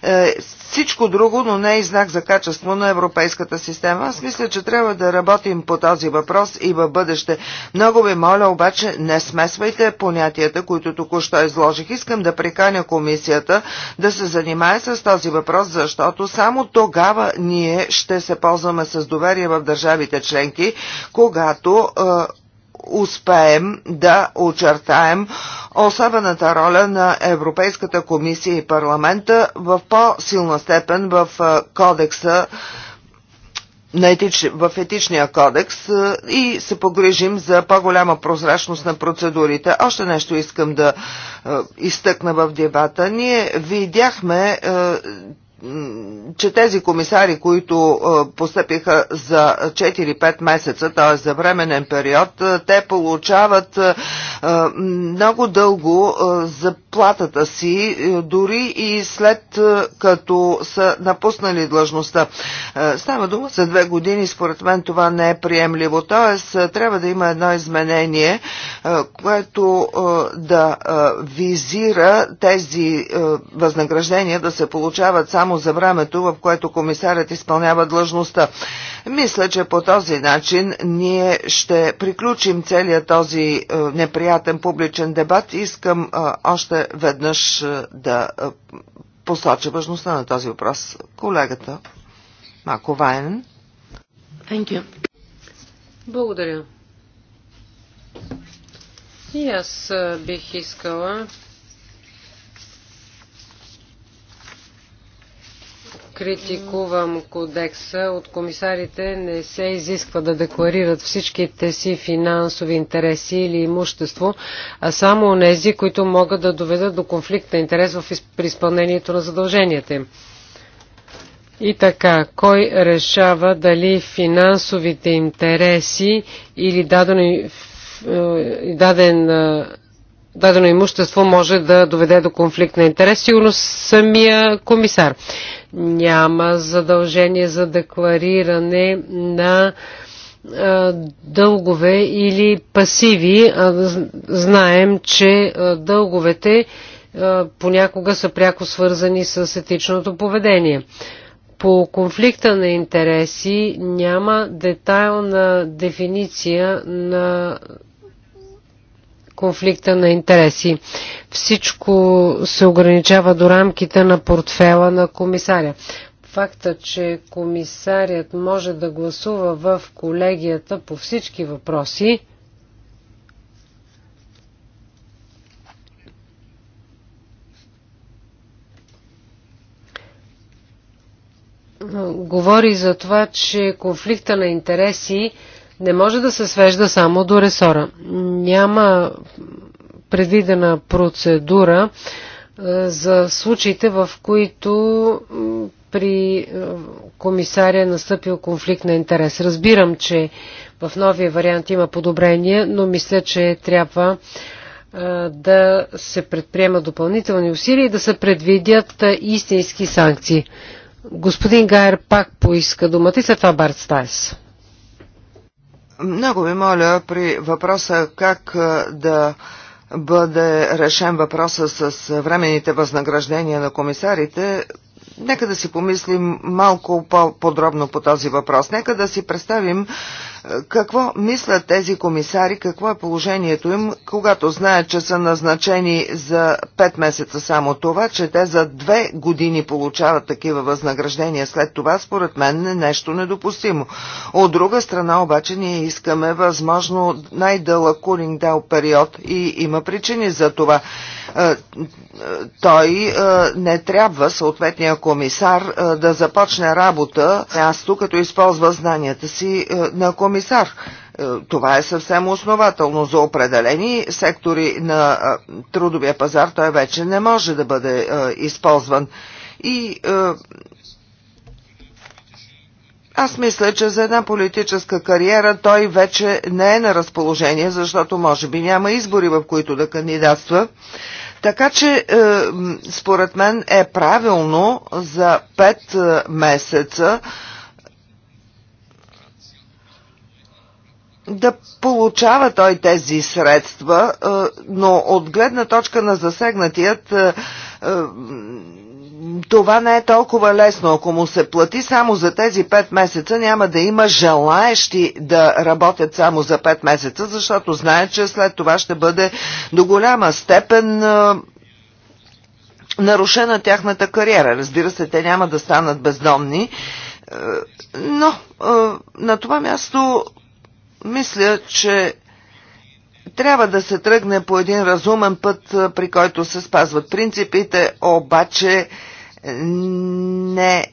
е всичко друго, но не е и знак за качество на европейската система. Аз мисля, че трябва да работим по този въпрос и в бъдеще. Много ви моля, обаче, не смесвайте понятията, които току-що изложих. Искам да приканя комисията да се занимае с този въпрос, защото само тогава ние ще се ползваме с доверие в държавите членки, когато е, успеем да очертаем особената роля на Европейската комисия и парламента в по-силна степен в е, кодекса на етич, в етичния кодекс и се погрежим за по-голяма прозрачност на процедурите. Още нещо искам да изтъкна в дебата. Ние видяхме, че тези комисари, които постъпиха за 4-5 месеца, т.е. за временен период, те получават много дълго заплатата си, дори и след като са напуснали длъжността. Става дума за две години, според мен това не е приемливо, т.е. трябва да има едно изменение, което да визира тези възнаграждения да се получават само само за времето, в което комисарят изпълнява длъжността. Мисля, че по този начин ние ще приключим целият този е, неприятен публичен дебат. Искам е, още веднъж е, да посоча важността на този въпрос. Колегата Мако Вайнен. Благодаря. И аз бих искала критикувам кодекса. От комисарите не се изисква да декларират всичките си финансови интереси или имущество, а само онези, които могат да доведат до конфликт на интерес в при изпълнението на задълженията им. И така, кой решава дали финансовите интереси или дадено, е, даден е, дадено имущество може да доведе до конфликт на интерес, сигурно самия комисар. Няма задължение за деклариране на дългове или пасиви. Знаем, че дълговете понякога са пряко свързани с етичното поведение. По конфликта на интереси няма детайлна дефиниция на конфликта на интереси. Всичко се ограничава до рамките на портфела на комисаря. Факта, че комисарят може да гласува в колегията по всички въпроси, говори за това, че конфликта на интереси не може да се свежда само до ресора. Няма предвидена процедура за случаите, в които при комисария е настъпил конфликт на интерес. Разбирам, че в новия вариант има подобрение, но мисля, че трябва да се предприемат допълнителни усилия и да се предвидят истински санкции. Господин Гайер пак поиска думата и след това Барт Стайс. Много ви моля при въпроса как да бъде решен въпроса с временните възнаграждения на комисарите, Нека да си помислим малко по-подробно по този въпрос. Нека да си представим е, какво мислят тези комисари, какво е положението им, когато знаят, че са назначени за 5 месеца само това, че те за 2 години получават такива възнаграждения след това, според мен е нещо недопустимо. От друга страна обаче ние искаме възможно най-дълъг кулинг дал период и има причини за това. Е, е, той е, не трябва съответния комисар да започне работа място, като използва знанията си на комисар. Това е съвсем основателно. За определени сектори на трудовия пазар той вече не може да бъде използван. И аз мисля, че за една политическа кариера той вече не е на разположение, защото може би няма избори, в които да кандидатства. Така че, е, според мен е правилно за 5 е, месеца да получава той тези средства, е, но от гледна точка на засегнатият това не е толкова лесно. Ако му се плати само за тези 5 месеца, няма да има желаещи да работят само за 5 месеца, защото знаят, че след това ще бъде до голяма степен нарушена тяхната кариера. Разбира се, те няма да станат бездомни, но на това място мисля, че трябва да се тръгне по един разумен път, при който се спазват принципите, обаче не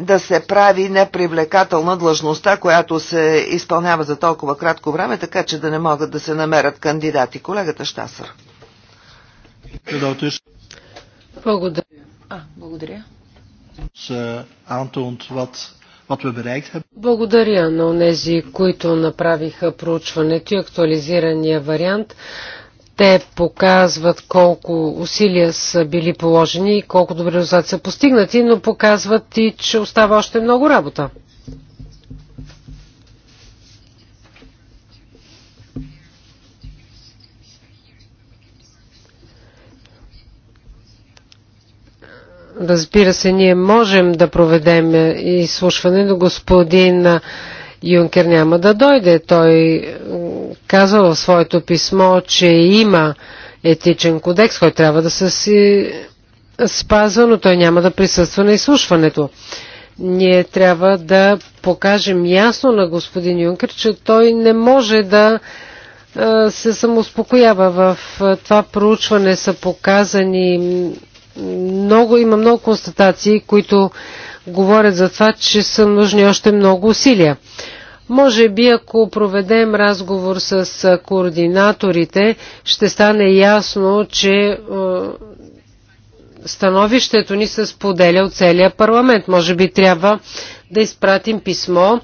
да се прави непривлекателна длъжността, която се изпълнява за толкова кратко време, така че да не могат да се намерят кандидати. Колегата Штасър. Благодаря. А, благодаря. Благодаря на тези, които направиха проучването и актуализирания вариант. Те показват колко усилия са били положени и колко добри резултати са постигнати, но показват и, че остава още много работа. Разбира се, ние можем да проведем е, изслушване, но господин е, Юнкер няма да дойде. Той казва в своето писмо, че има етичен кодекс, който трябва да се си спазва, но той няма да присъства на изслушването. Ние трябва да покажем ясно на господин Юнкер, че той не може да се самоуспокоява. В това проучване са показани много, има много констатации, които говорят за това, че са нужни още много усилия. Може би, ако проведем разговор с координаторите, ще стане ясно, че становището ни се споделя от целия парламент. Може би трябва да изпратим писмо,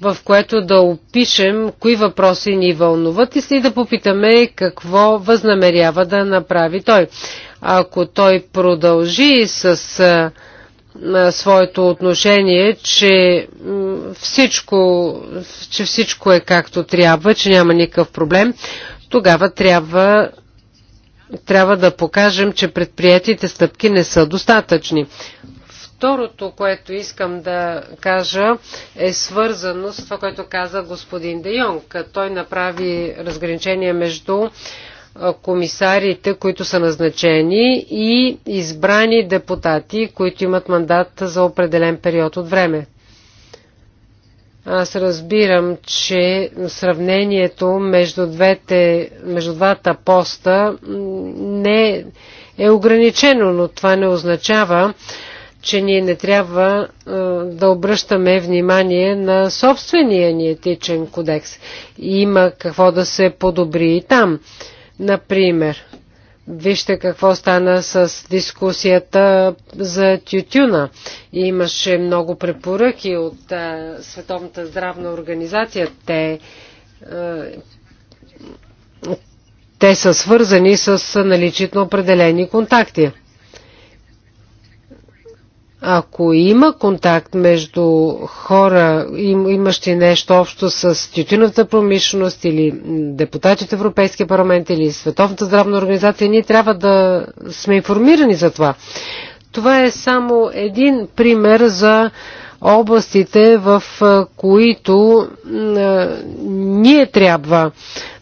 в което да опишем кои въпроси ни вълнуват и след да попитаме какво възнамерява да направи той. Ако той продължи с своето отношение, че всичко, че всичко е както трябва, че няма никакъв проблем, тогава трябва, трябва да покажем, че предприятите стъпки не са достатъчни. Второто, което искам да кажа, е свързано с това, което каза господин Де Йонг. Той направи разграничение между комисарите, които са назначени и избрани депутати, които имат мандат за определен период от време. Аз разбирам, че сравнението между, двете, между двата поста не е ограничено, но това не означава, че ние не трябва е, да обръщаме внимание на собствения ни етичен кодекс. Има какво да се подобри и там. Например, вижте какво стана с дискусията за тютюна. Имаше много препоръки от Световната здравна организация. Те те са свързани с наличието на определени контакти. Ако има контакт между хора, им, имащи нещо общо с тютюната промишленост или депутатите от Европейския парламент или Световната здравна организация, ние трябва да сме информирани за това. Това е само един пример за областите, в които ние трябва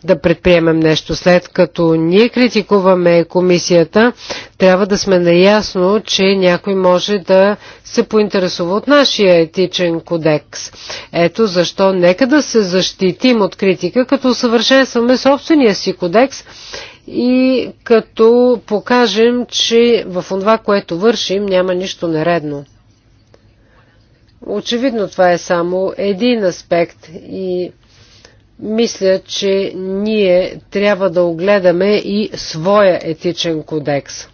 да предприемем нещо. След като ние критикуваме комисията, трябва да сме наясно, че някой може да се поинтересува от нашия етичен кодекс. Ето защо нека да се защитим от критика, като съвършенстваме собствения си кодекс и като покажем, че в това, което вършим, няма нищо нередно. Очевидно това е само един аспект и мисля, че ние трябва да огледаме и своя етичен кодекс.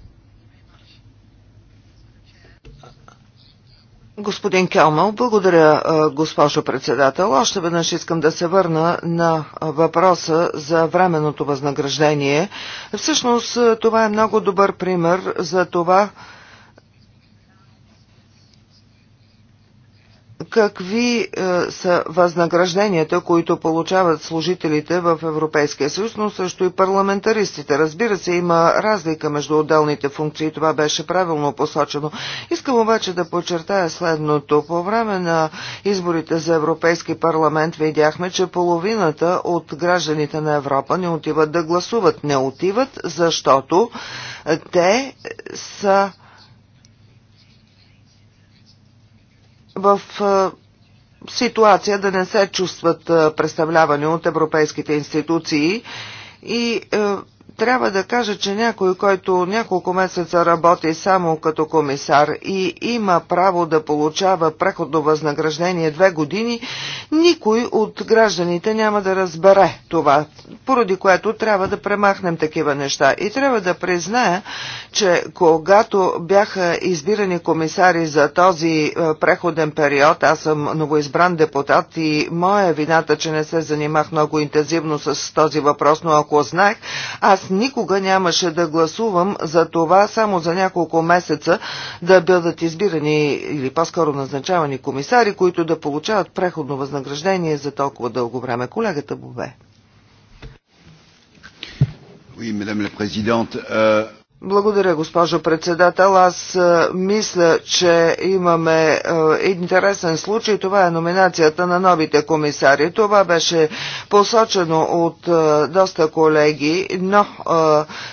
Господин Келмал, благодаря, госпожо председател. Още веднъж искам да се върна на въпроса за временното възнаграждение. Всъщност това е много добър пример за това, какви е, са възнагражденията, които получават служителите в Европейския съюз, но също и парламентаристите. Разбира се, има разлика между отделните функции, това беше правилно посочено. Искам обаче да подчертая следното. По време на изборите за Европейски парламент видяхме, че половината от гражданите на Европа не отиват да гласуват. Не отиват, защото те са в ситуация да не се чувстват представлявани от европейските институции и трябва да кажа, че някой, който няколко месеца работи само като комисар и има право да получава преходно възнаграждение две години, никой от гражданите няма да разбере това, поради което трябва да премахнем такива неща. И трябва да призная, че когато бяха избирани комисари за този е, преходен период, аз съм новоизбран депутат и моя вината, че не се занимах много интензивно с този въпрос, но ако знаех, аз никога нямаше да гласувам за това само за няколко месеца да бъдат избирани или по-скоро назначавани комисари, които да получават преходно възнаграждение възнаграждение за толкова дълго време. Колегата Бове. Oui, madame la présidente. Euh... Благодаря, госпожо председател. Аз е, мисля, че имаме е, интересен случай. Това е номинацията на новите комисари. Това беше посочено от е, доста колеги, но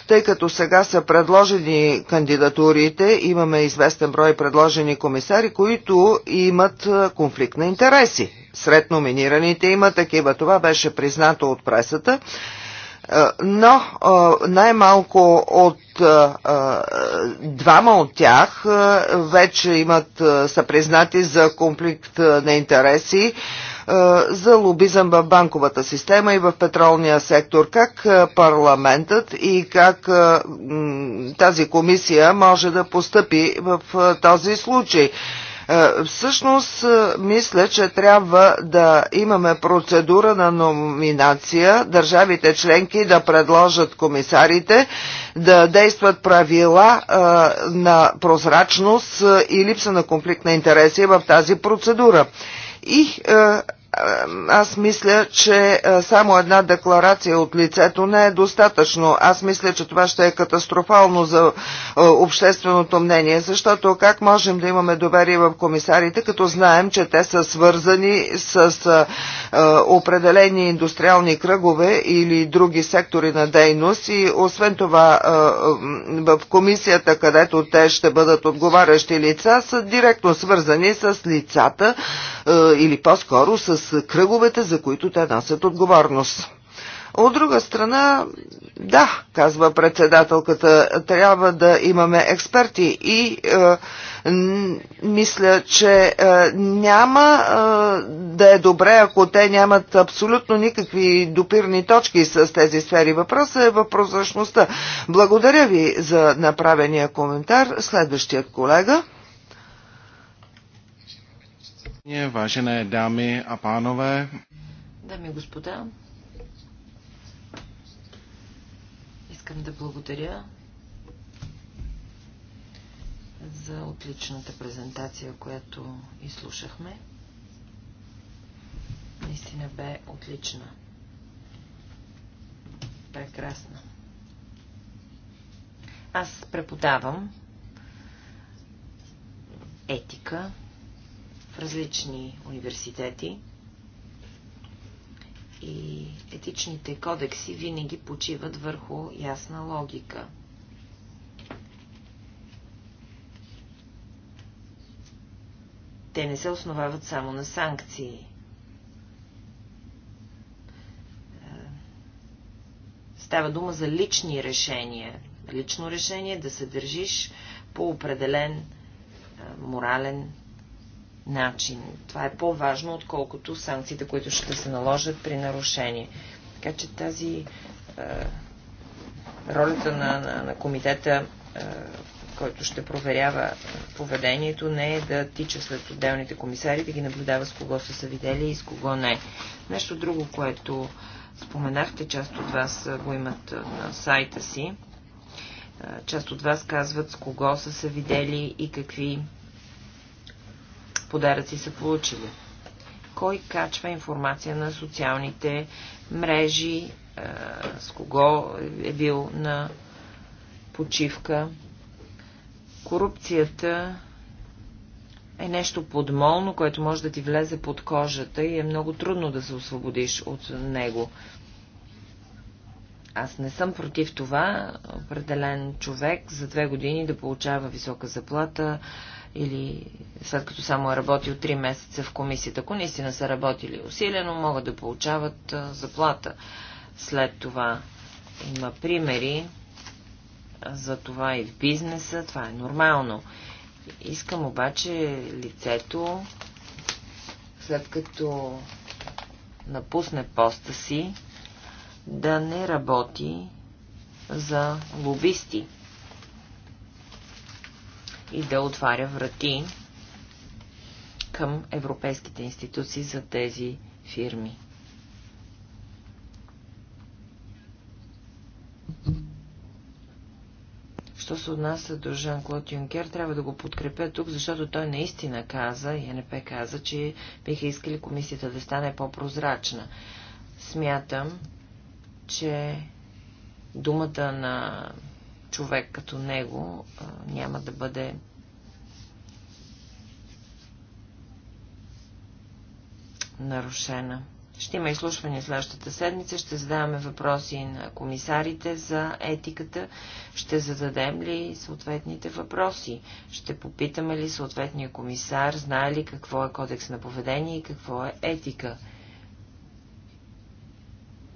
тъй като сега са предложени кандидатурите, имаме известен брой предложени комисари, които имат конфликт на интереси. Сред номинираните има такива. Това беше признато от пресата. Е, но е, най-малко от е, двама от тях вече имат, са признати за конфликт на интереси за лобизъм в банковата система и в петролния сектор. Как парламентът и как тази комисия може да постъпи в този случай? Е, всъщност, е, мисля, че трябва да имаме процедура на номинация, държавите членки да предложат комисарите, да действат правила е, на прозрачност и липса на конфликт на интереси в тази процедура. И аз мисля, че е, само една декларация от лицето не е достатъчно. Аз мисля, че това ще е катастрофално за е, общественото мнение, защото как можем да имаме доверие в комисарите, като знаем, че те са свързани с е, определени индустриални кръгове или други сектори на дейност и освен това в комисията, където те ще бъдат отговарящи лица, са директно свързани с лицата или по-скоро с с кръговете, за които те носят отговорност. От друга страна, да, казва председателката, трябва да имаме експерти и е, мисля, че е, няма е, да е добре, ако те нямат абсолютно никакви допирни точки с тези сфери. Въпросът е в Благодаря ви за направения коментар. Следващият колега. Vážené дами a pánové. Дами и господа, искам да благодаря за отличната презентация, която изслушахме. Наистина бе отлична. Прекрасна. Аз преподавам етика различни университети и етичните кодекси винаги почиват върху ясна логика. Те не се основават само на санкции. Става дума за лични решения. Лично решение да се държиш по определен морален начин. Това е по-важно, отколкото санкциите, които ще се наложат при нарушение. Така че тази е, ролята на, на, на комитета, е, който ще проверява поведението, не е да тича след отделните комисари, да ги наблюдава с кого са се видели и с кого не. Нещо друго, което споменахте, част от вас го имат на сайта си. Е, част от вас казват с кого са се видели и какви подаръци са получили. Кой качва информация на социалните мрежи, с кого е бил на почивка. Корупцията е нещо подмолно, което може да ти влезе под кожата и е много трудно да се освободиш от него. Аз не съм против това, определен човек за две години да получава висока заплата, или след като само е работил 3 месеца в комисията. Ако наистина са работили усилено, могат да получават заплата. След това има примери за това и в бизнеса. Това е нормално. Искам обаче лицето, след като напусне поста си, да не работи за лобисти и да отваря врати към европейските институции за тези фирми. Що се отнася до Жан-Клод Юнкер, трябва да го подкрепя тук, защото той наистина каза, и НП каза, че биха искали комисията да стане по-прозрачна. Смятам, че думата на човек като него няма да бъде нарушена. Ще има изслушване следващата седмица, ще задаваме въпроси на комисарите за етиката, ще зададем ли съответните въпроси, ще попитаме ли съответния комисар, знае ли какво е кодекс на поведение и какво е етика.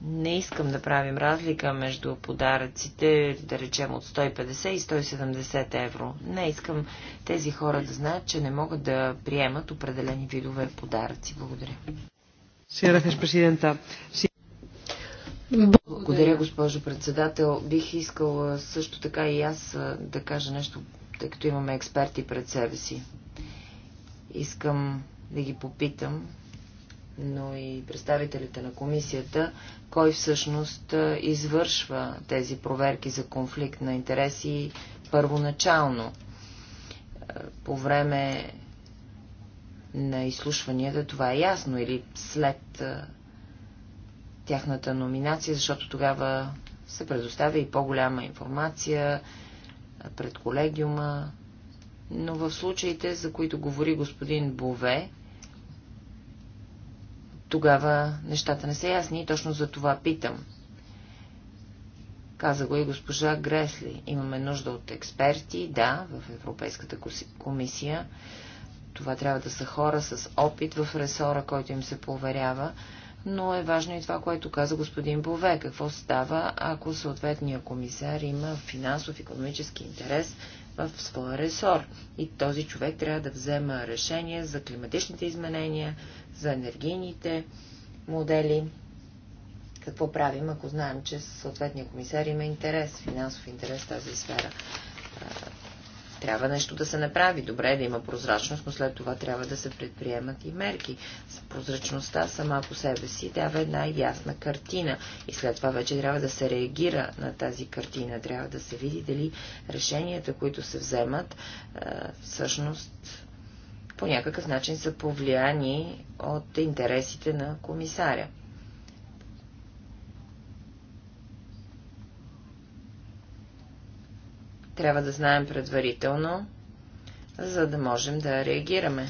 Не искам да правим разлика между подаръците, да речем от 150 и 170 евро. Не искам тези хора да знаят, че не могат да приемат определени видове подаръци. Благодаря. Благодаря, госпожо председател. Бих искал също така и аз да кажа нещо, тъй като имаме експерти пред себе си. Искам да ги попитам но и представителите на комисията, кой всъщност извършва тези проверки за конфликт на интереси първоначално по време на изслушванията, това е ясно, или след тяхната номинация, защото тогава се предоставя и по-голяма информация пред колегиума, но в случаите, за които говори господин Бове, тогава нещата не са ясни и точно за това питам. Каза го и госпожа Гресли. Имаме нужда от експерти, да, в Европейската комисия. Това трябва да са хора с опит в ресора, който им се поверява, но е важно и това, което каза господин Бове. Какво става, ако съответния комисар има финансов, економически интерес в своя ресор. И този човек трябва да взема решение за климатичните изменения, за енергийните модели. Какво правим, ако знаем, че съответния комисар има интерес, финансов интерес в тази сфера? Трябва нещо да се направи. Добре е да има прозрачност, но след това трябва да се предприемат и мерки. С прозрачността сама по себе си дава една ясна картина. И след това вече трябва да се реагира на тази картина. Трябва да се види дали решенията, които се вземат, всъщност по някакъв начин са повлияни от интересите на комисаря. Трябва да знаем предварително, за да можем да реагираме.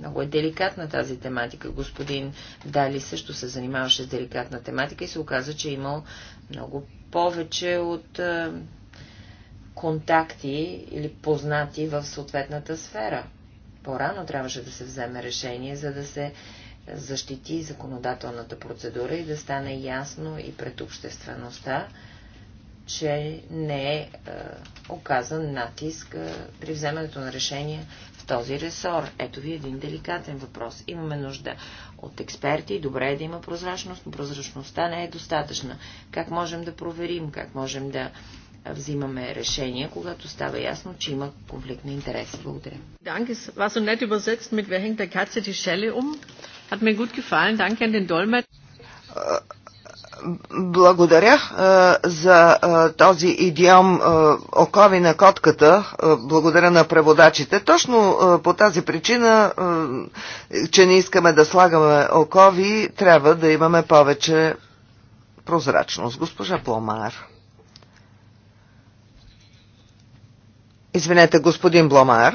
Много е деликатна тази тематика. Господин Дали също се занимаваше с деликатна тематика и се оказа, че е имал много повече от е, контакти или познати в съответната сфера. По-рано трябваше да се вземе решение, за да се защити законодателната процедура и да стане ясно и пред обществеността, че не е, е оказан натиск е, при вземането на решения в този ресор. Ето ви един деликатен въпрос. Имаме нужда от експерти, добре е да има прозрачност, но прозрачността не е достатъчна. Как можем да проверим, как можем да взимаме решения, когато става ясно, че има конфликт на интереси. Благодаря. Danke, war so nett übersetzt mit Wer hängt der Katze die Schelle um? Hat mir gut gefallen. Danke an den благодаря а, за а, този идиом а, окови на котката. А, благодаря на преводачите. Точно а, по тази причина, а, че не искаме да слагаме окови, трябва да имаме повече прозрачност. Госпожа Пломар. Извинете, господин Бломар.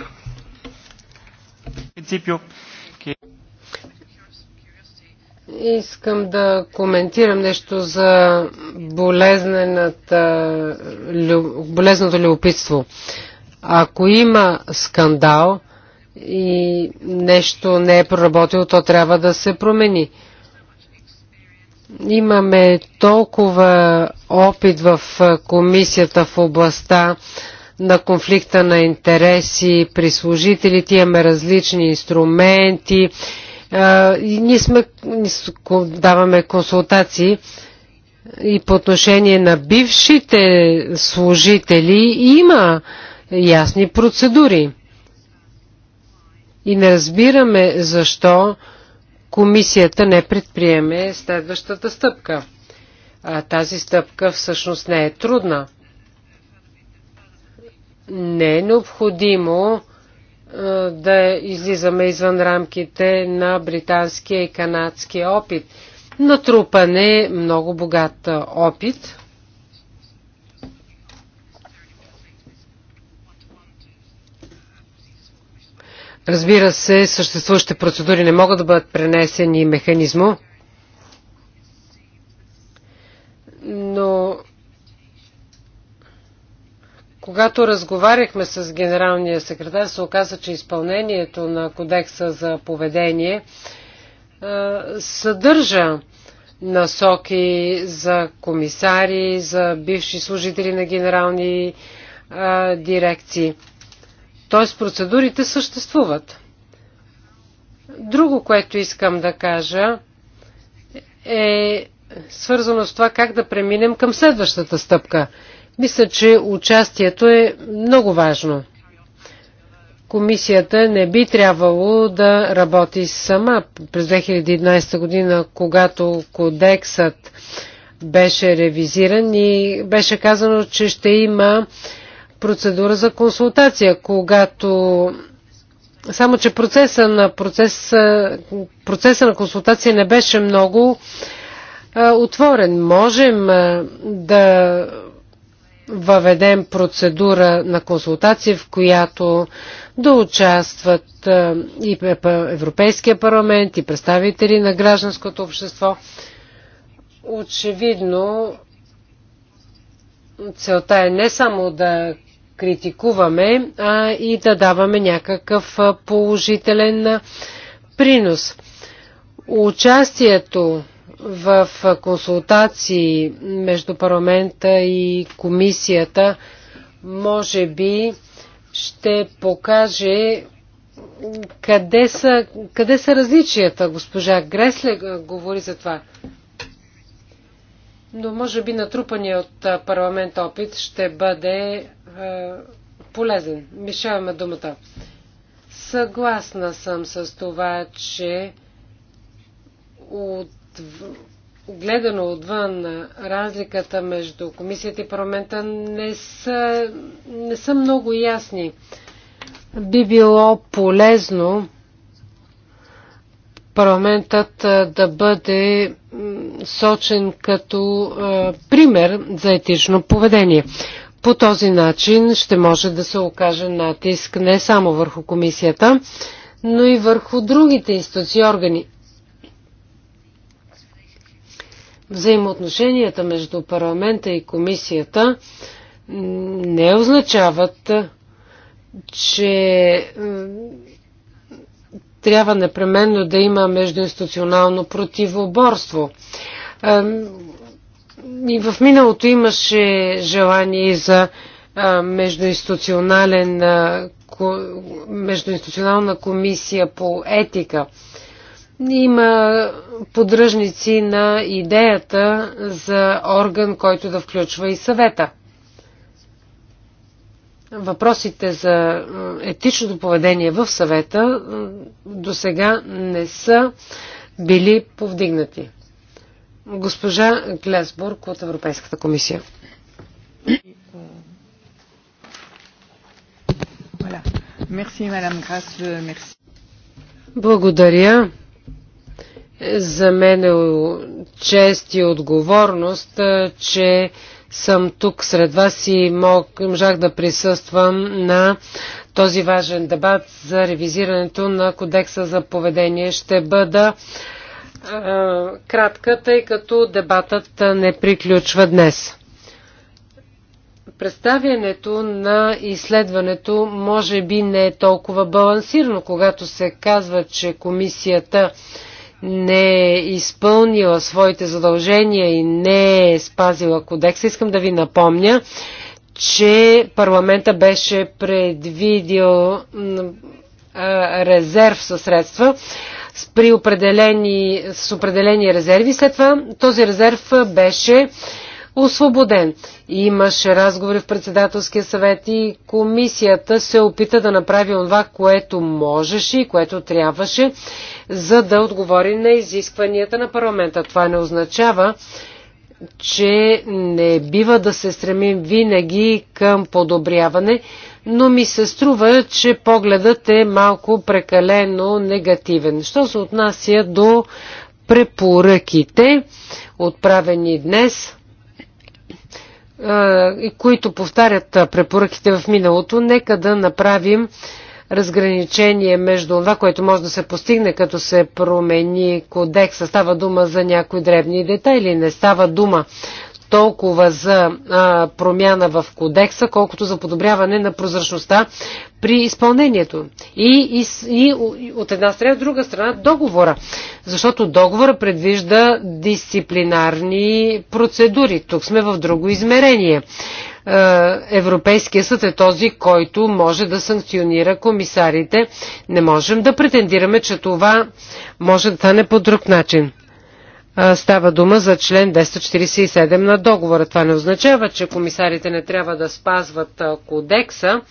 Искам да коментирам нещо за болезненото любопитство. Ако има скандал и нещо не е проработило, то трябва да се промени. Имаме толкова опит в комисията в областта на конфликта на интереси при служителите, имаме различни инструменти, и Ние сме, даваме консултации и по отношение на бившите служители има ясни процедури. И не разбираме защо комисията не предприеме следващата стъпка. А тази стъпка всъщност не е трудна. Не е необходимо е, да излизаме извън рамките на британския и канадския опит. Натрупан е много богат е, опит. Разбира се, съществуващите процедури не могат да бъдат пренесени механизмо. Когато разговаряхме с генералния секретар, се оказа, че изпълнението на кодекса за поведение съдържа насоки за комисари, за бивши служители на генерални дирекции. Тоест процедурите съществуват. Друго, което искам да кажа, е свързано с това как да преминем към следващата стъпка. Мисля, че участието е много важно. Комисията не би трябвало да работи сама. През 2011 година, когато кодексът беше ревизиран и беше казано, че ще има процедура за консултация, когато само, че процеса на, процес, процеса на консултация не беше много а, отворен. Можем а, да въведем процедура на консултация, в която да участват и Европейския парламент, и представители на гражданското общество. Очевидно, целта е не само да критикуваме, а и да даваме някакъв положителен принос. Участието в консултации между парламента и комисията може би ще покаже къде са, къде са различията. Госпожа Гресле говори за това. Но може би натрупания от парламент опит ще бъде е, полезен. Мишаваме думата. Съгласна съм с това, че от гледано отвън, разликата между комисията и парламента не са, не са много ясни. Би било полезно парламентът да бъде сочен като пример за етично поведение. По този начин ще може да се окаже натиск не само върху комисията, но и върху другите институции органи. взаимоотношенията между парламента и комисията не означават, че трябва непременно да има междуинституционално противоборство. И в миналото имаше желание за междуинституционален, междуинституционална комисия по етика. Има поддръжници на идеята за орган, който да включва и съвета. Въпросите за е, етичното поведение в съвета е, до сега не са били повдигнати. Госпожа Глесбург от Европейската комисия. Благодаря, за мен е чест и отговорност, че съм тук сред вас и мог, можах да присъствам на този важен дебат за ревизирането на Кодекса за поведение. Ще бъда е, кратка, тъй като дебатът не приключва днес. Представянето на изследването може би не е толкова балансирано, когато се казва, че комисията не е изпълнила своите задължения и не е спазила кодекса, искам да ви напомня, че парламента беше предвидил резерв със средства при определени, с определени резерви. След това този резерв беше освободен. Имаше разговори в председателския съвет и комисията се опита да направи това, което можеше и което трябваше, за да отговори на изискванията на парламента. Това не означава, че не бива да се стремим винаги към подобряване, но ми се струва, че погледът е малко прекалено негативен. Що се отнася до препоръките, отправени днес, е, които повтарят е, препоръките в миналото, нека да направим разграничение между това, което може да се постигне, като се промени кодекса. Става дума за някои древни детайли, не става дума толкова за а, промяна в кодекса, колкото за подобряване на прозрачността при изпълнението. И, и, и от една страна, от друга страна договора. Защото договора предвижда дисциплинарни процедури. Тук сме в друго измерение. Европейския съд е този, който може да санкционира комисарите. Не можем да претендираме, че това може да стане по друг начин. Става дума за член 247 на договора. Това не означава, че комисарите не трябва да спазват кодекса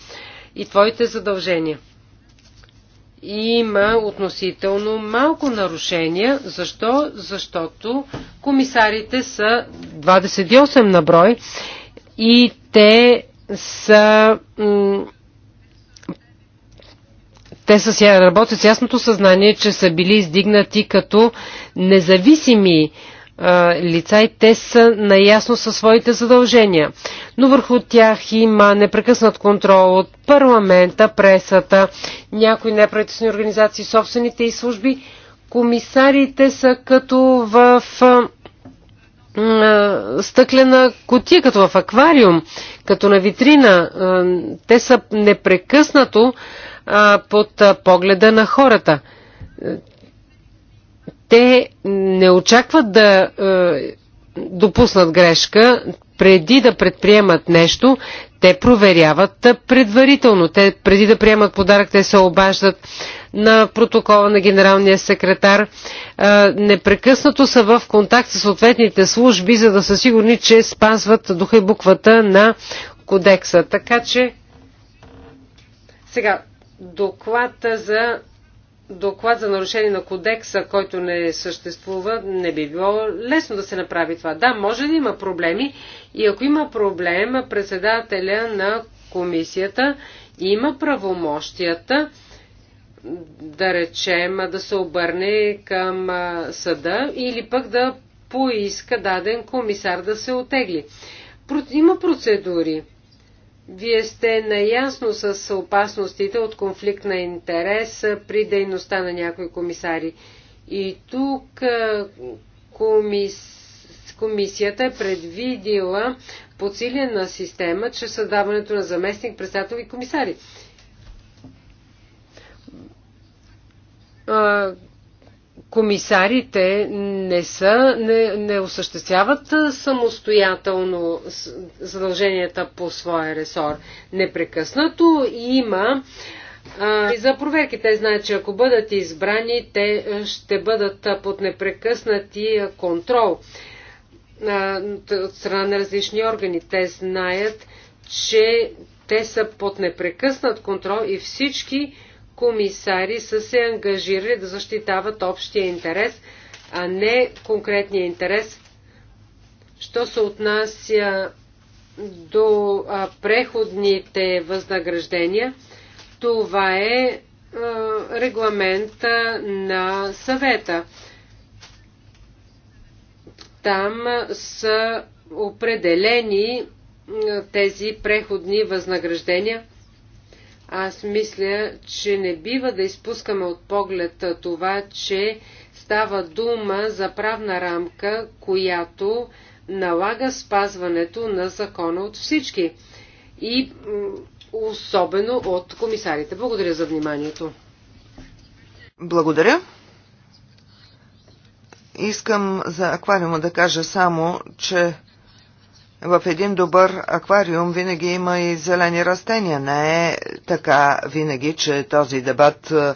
и твоите задължения. Има относително малко нарушения. Защо? Защото комисарите са 28 на брой и те са те са, работят с ясното съзнание, че са били издигнати като независими лица и те са наясно със своите задължения. Но върху тях има непрекъснат контрол от парламента, пресата, някои неправителствени организации, собствените и служби. Комисарите са като в стъклена котия, като в аквариум, като на витрина. Те са непрекъснато под погледа на хората. Те не очакват да допуснат грешка, преди да предприемат нещо, те проверяват предварително. Те, преди да приемат подарък, те се обаждат на протокола на генералния секретар. Непрекъснато са в контакт с съответните служби, за да са сигурни, че спазват духа и буквата на кодекса. Така че, сега, Доклад за, доклад за нарушение на кодекса, който не съществува, не би било лесно да се направи това. Да, може да има проблеми и ако има проблем, председателя на комисията има правомощията да речем, да се обърне към съда или пък да поиска даден комисар да се отегли. Има процедури. Вие сте наясно с опасностите от конфликт на интерес при дейността на някои комисари. И тук комис... комисията е предвидила подсилена система, че създаването на заместник председател и комисари комисарите не, са, не, не осъществяват самостоятелно задълженията по своя ресор. Непрекъснато има и за проверки. Те знаят, че ако бъдат избрани, те ще бъдат под непрекъснати контрол от страна на различни органи. Те знаят, че те са под непрекъснат контрол и всички комисари са се ангажирали да защитават общия интерес, а не конкретния интерес. Що се отнася до а, преходните възнаграждения, това е а, регламента на съвета. Там са определени тези преходни възнаграждения. Аз мисля, че не бива да изпускаме от поглед това, че става дума за правна рамка, която налага спазването на закона от всички и особено от комисарите. Благодаря за вниманието. Благодаря. Искам за аквариума да кажа само, че в един добър аквариум винаги има и зелени растения. Не е така винаги, че този дебат е,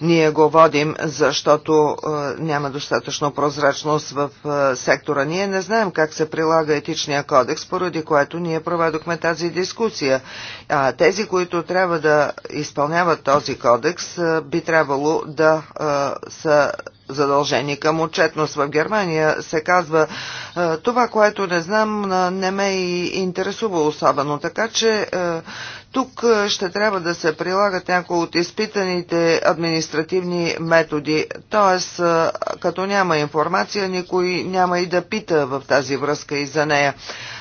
ние го водим, защото е, няма достатъчно прозрачност в е, сектора. Ние не знаем как се прилага етичния кодекс, поради което ние проведохме тази дискусия. А тези, които трябва да изпълняват този кодекс, би трябвало да са задължени към отчетност. В Германия се казва е, това, което не знам, не ме и интересува особено. Така че е, тук е, ще трябва да се прилагат някои от изпитаните административни методи. Тоест, като няма информация, никой няма и да пита в тази връзка и за нея.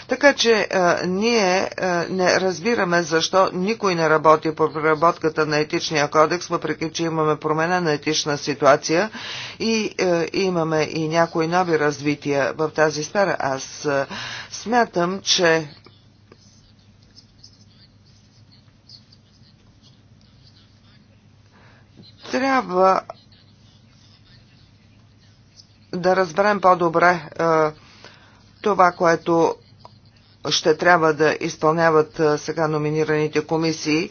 Така че а, ние а, не разбираме защо никой не работи по преработката на етичния кодекс, въпреки че имаме промена на етична ситуация и а, имаме и някои нови развития в тази сфера. Аз а, смятам, че трябва да разберем по-добре това, което ще трябва да изпълняват сега номинираните комисии,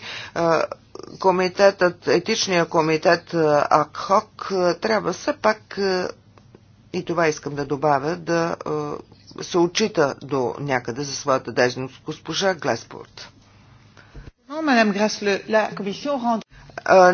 комитетът, етичния комитет АКХОК трябва все пак, и това искам да добавя, да се отчита до някъде за своята дежност госпожа Глеспорт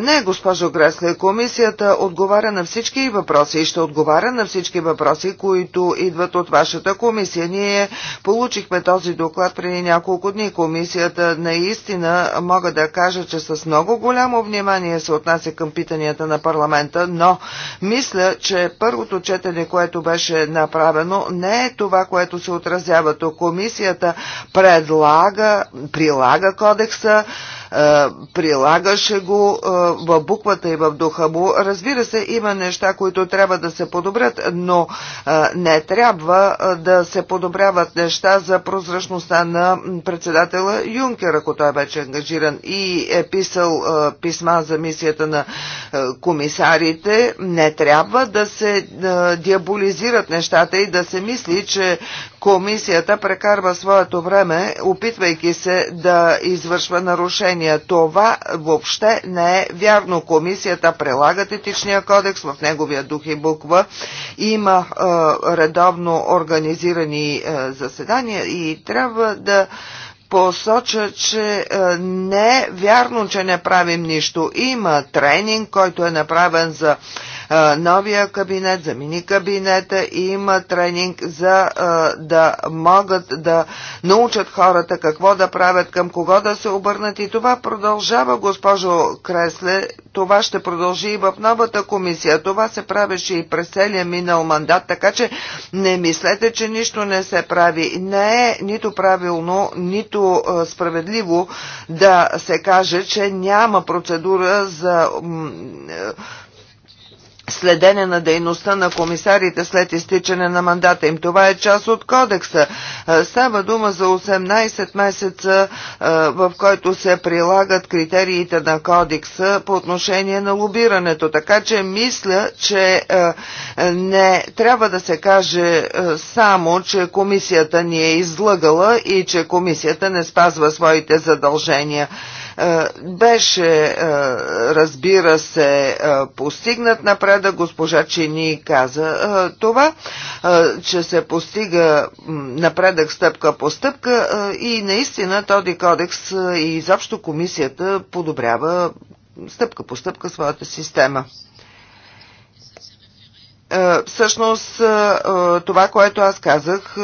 не, госпожо Гресле, комисията отговаря на всички въпроси и ще отговаря на всички въпроси, които идват от вашата комисия. Ние получихме този доклад преди няколко дни. Комисията наистина мога да кажа, че с много голямо внимание се отнася към питанията на парламента, но мисля, че първото четене, което беше направено, не е това, което се отразява. Комисията предлага, прилага кодекса, е, прилагаше го е, в буквата и в духа му. Разбира се, има неща, които трябва да се подобрят, но е, не трябва да се подобряват неща за прозрачността на председателя Юнкер, ако той вече е ангажиран и е писал писма за мисията на комисарите. Не трябва да се диаболизират нещата и да се мисли, че комисията прекарва своето време, опитвайки се да извършва нарушения нарушения. Това въобще не е вярно. Комисията прилага етичния кодекс в неговия дух и буква. Има е, редовно организирани е, заседания и трябва да посоча, че е, не е вярно, че не правим нищо. Има тренинг, който е направен за е, новия кабинет, за мини кабинета и има тренинг за е, да могат да научат хората какво да правят, към кого да се обърнат и това продължава, госпожо Кресле, това ще продължи и в новата комисия. Това се правеше и през целия минал мандат, така че не мислете, че нищо не се прави. Не е нито правилно, нито нито справедливо да се каже, че няма процедура за следене на дейността на комисарите след изтичане на мандата им. Това е част от кодекса. Е, става дума за 18 месеца, е, в който се прилагат критериите на кодекса по отношение на лобирането. Така че мисля, че е, не трябва да се каже само, че комисията ни е излъгала и че комисията не спазва своите задължения. Е, беше, е, разбира се, е, постигнат напредък. Госпожа Чини каза това, че се постига напредък стъпка по стъпка и наистина този кодекс и изобщо комисията подобрява стъпка по стъпка своята система всъщност това, което аз казах,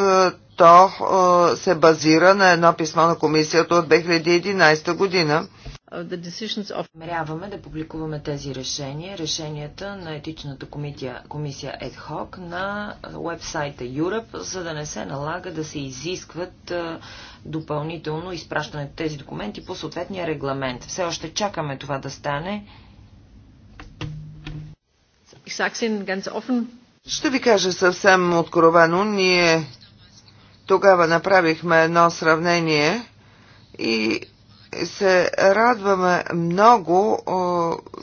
то е, се базира на едно писмо на комисията от 2011 година. Намеряваме of... да публикуваме тези решения, решенията на етичната комисия, Ad ЕДХОК на вебсайта е, Europe, за да не се налага да се изискват е, допълнително изпращането на тези документи по съответния регламент. Все още чакаме това да стане. Ще ви кажа съвсем откровено, ние тогава направихме едно сравнение и се радваме много,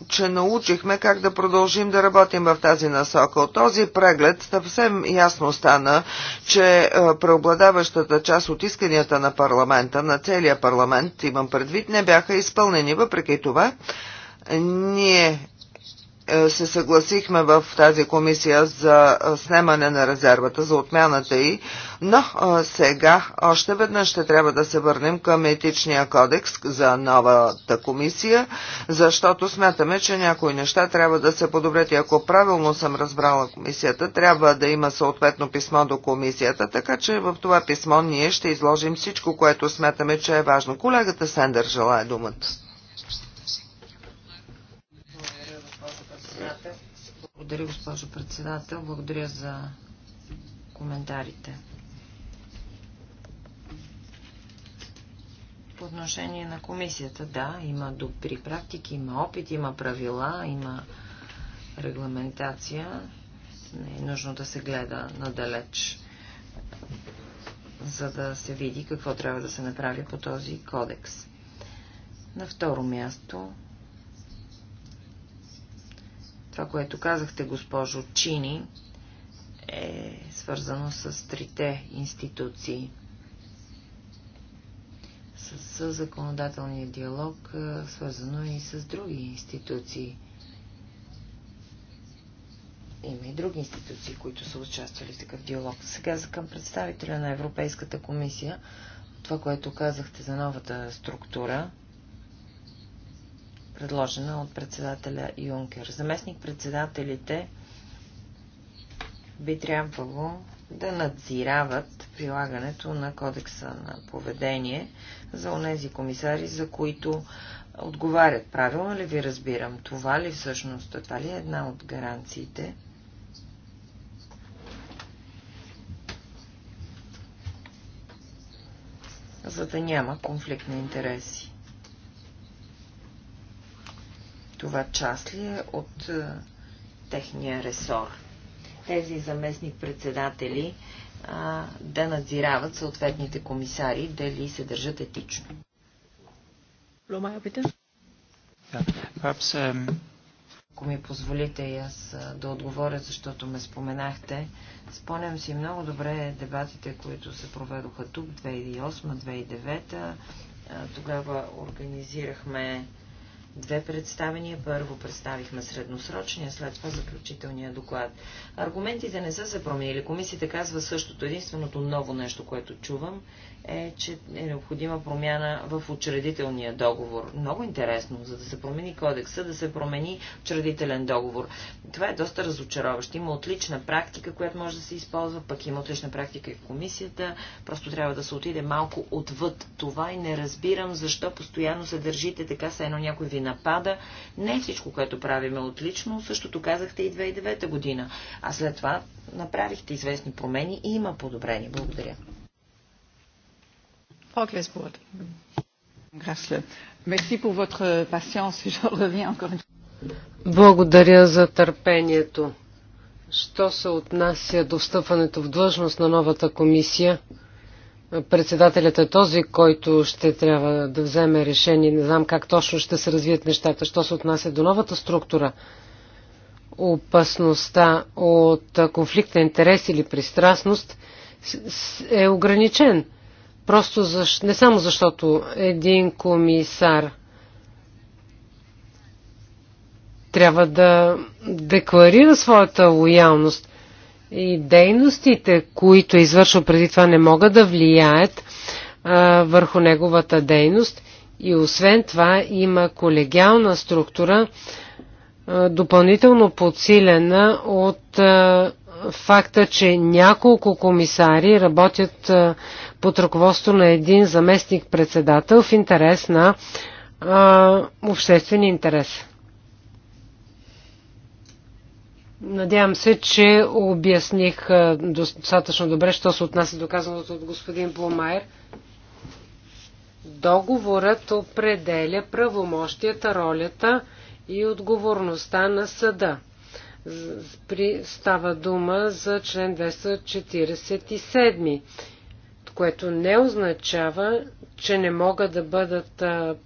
че научихме как да продължим да работим в тази насока. От този преглед съвсем ясно стана, че е, преобладаващата част от исканията на парламента, на целия парламент, имам предвид, не бяха изпълнени. Въпреки това, ние е, се съгласихме в тази комисия за е, снемане на резервата, за отмяната й, но е, сега още веднъж ще трябва да се върнем към етичния кодекс за новата комисия, защото смятаме, че някои неща трябва да се подобрят и ако правилно съм разбрала комисията, трябва да има съответно писмо до комисията, така че в това писмо ние ще изложим всичко, което смятаме, че е важно. Колегата Сендър желая думата. Благодаря, госпожо председател. Благодаря за коментарите. По отношение на комисията, да, има добри практики, има опит, има правила, има регламентация. Не е нужно да се гледа надалеч, за да се види какво трябва да се направи по този кодекс. На второ място това, което казахте, госпожо Чини, е свързано с трите институции. С, с законодателния диалог, е, свързано и с други институции. Има и други институции, които са участвали в такъв диалог. Сега за към представителя на Европейската комисия, това, което казахте за новата структура, предложена от председателя Юнкер. Заместник-председателите би трябвало да надзирават прилагането на кодекса на поведение за онези комисари, за които отговарят. Правилно ли нали ви разбирам? Това ли всъщност, това ли е една от гаранциите? За да няма конфликт на интереси. Това част ли е от а, техния ресор? Тези заместник-председатели е, да надзирават съответните комисари дали се държат етично. Ломая, питам. Ако ми позволите и аз е, да отговоря, защото ме споменахте, спомням си много добре дебатите, които се проведоха тук 2008-2009. Е, тогава организирахме две представения. Първо представихме средносрочния, след това заключителния доклад. Аргументите не са се променили. Комисията казва същото. Единственото ново нещо, което чувам, е, че е необходима промяна в учредителния договор. Много интересно, за да се промени кодекса, да се промени учредителен договор. Това е доста разочароващо. Има отлична практика, която може да се използва, пък има отлична практика и в комисията. Просто трябва да се отиде малко отвъд това и не разбирам защо постоянно се държите така, се едно някой ви напада. Не всичко, което правим е отлично, същото казахте и 2009 година. А след това направихте известни промени и има подобрение. Благодаря. Благодаря за търпението. Що се отнася до стъпването в длъжност на новата комисия? председателят е този, който ще трябва да вземе решение. Не знам как точно ще се развият нещата. Що се отнася до новата структура, опасността от конфликт на интерес или пристрастност е ограничен. Просто защ... не само защото един комисар трябва да декларира своята лоялност, и дейностите, които е извършил преди това, не могат да влияят а, върху неговата дейност. И освен това има колегиална структура, а, допълнително подсилена от а, факта, че няколко комисари работят а, под ръководство на един заместник-председател в интерес на а, обществен интерес. Надявам се, че обясних достатъчно добре, що се отнася доказаното от господин Пломайер. Договорът определя правомощията, ролята и отговорността на съда. При става дума за член 247, което не означава, че не могат да бъдат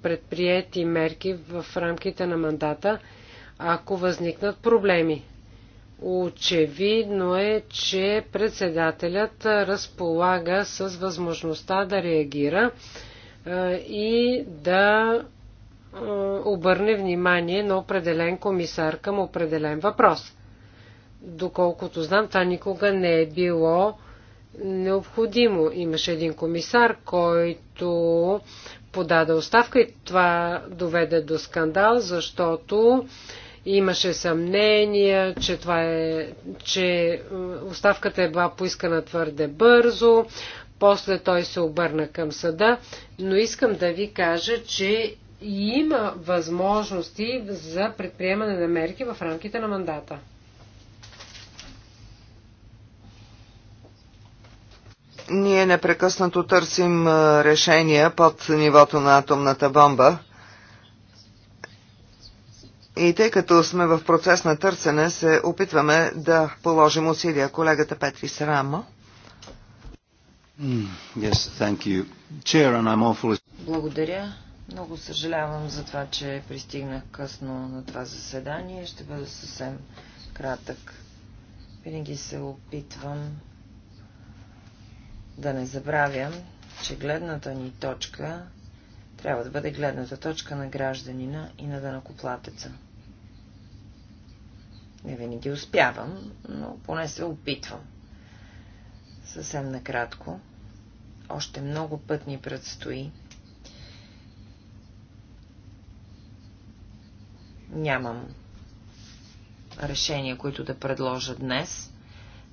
предприяти мерки в рамките на мандата, ако възникнат проблеми. Очевидно е, че председателят разполага с възможността да реагира е, и да е, обърне внимание на определен комисар към определен въпрос. Доколкото знам, това никога не е било необходимо. Имаше един комисар, който подаде оставка и това доведе до скандал, защото Имаше съмнения, че, това е, че е, оставката е била поискана твърде бързо. После той се обърна към съда, но искам да ви кажа, че има възможности за предприемане на мерки в рамките на мандата. Ние непрекъснато търсим е, решения под нивото на атомната бомба. И тъй като сме в процес на търсене, се опитваме да положим усилия. Колегата Петри Срамо. Mm, yes, thank you. Chair, and I'm Благодаря. Много съжалявам за това, че пристигнах късно на това заседание. Ще бъда съвсем кратък. Винаги се опитвам да не забравям, че гледната ни точка трябва да бъде гледната точка на гражданина и на дънакоплатеца. Не винаги успявам, но поне се опитвам. Съвсем накратко. Още много път ни предстои. Нямам решения, които да предложа днес,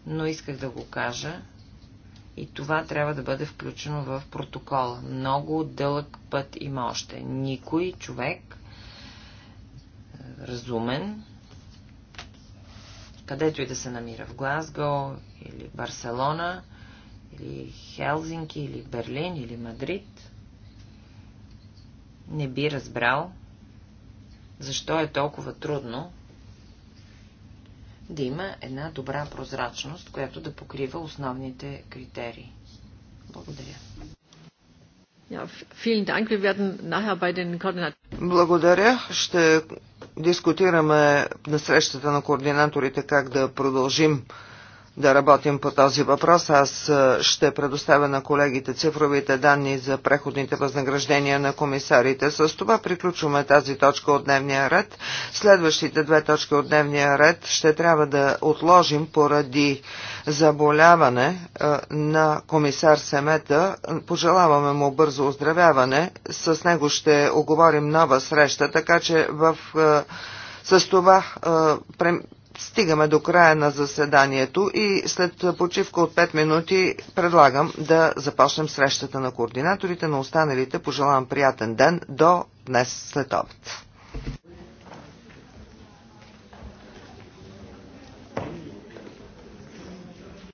но исках да го кажа. И това трябва да бъде включено в протокола. Много дълъг път има още. Никой човек, разумен, където и да се намира, в Глазго или Барселона, или Хелзинки, или Берлин, или Мадрид, не би разбрал, защо е толкова трудно да има една добра прозрачност, която да покрива основните критерии. Благодаря. Благодаря. Ще дискутираме на срещата на координаторите как да продължим да работим по този въпрос. Аз ще предоставя на колегите цифровите данни за преходните възнаграждения на комисарите. С това приключваме тази точка от дневния ред. Следващите две точки от дневния ред ще трябва да отложим поради заболяване на комисар Семета. Пожелаваме му бързо оздравяване. С него ще оговорим нова среща, така че в с това Стигаме до края на заседанието и след почивка от 5 минути предлагам да започнем срещата на координаторите, на останалите пожелавам приятен ден до днес след обед.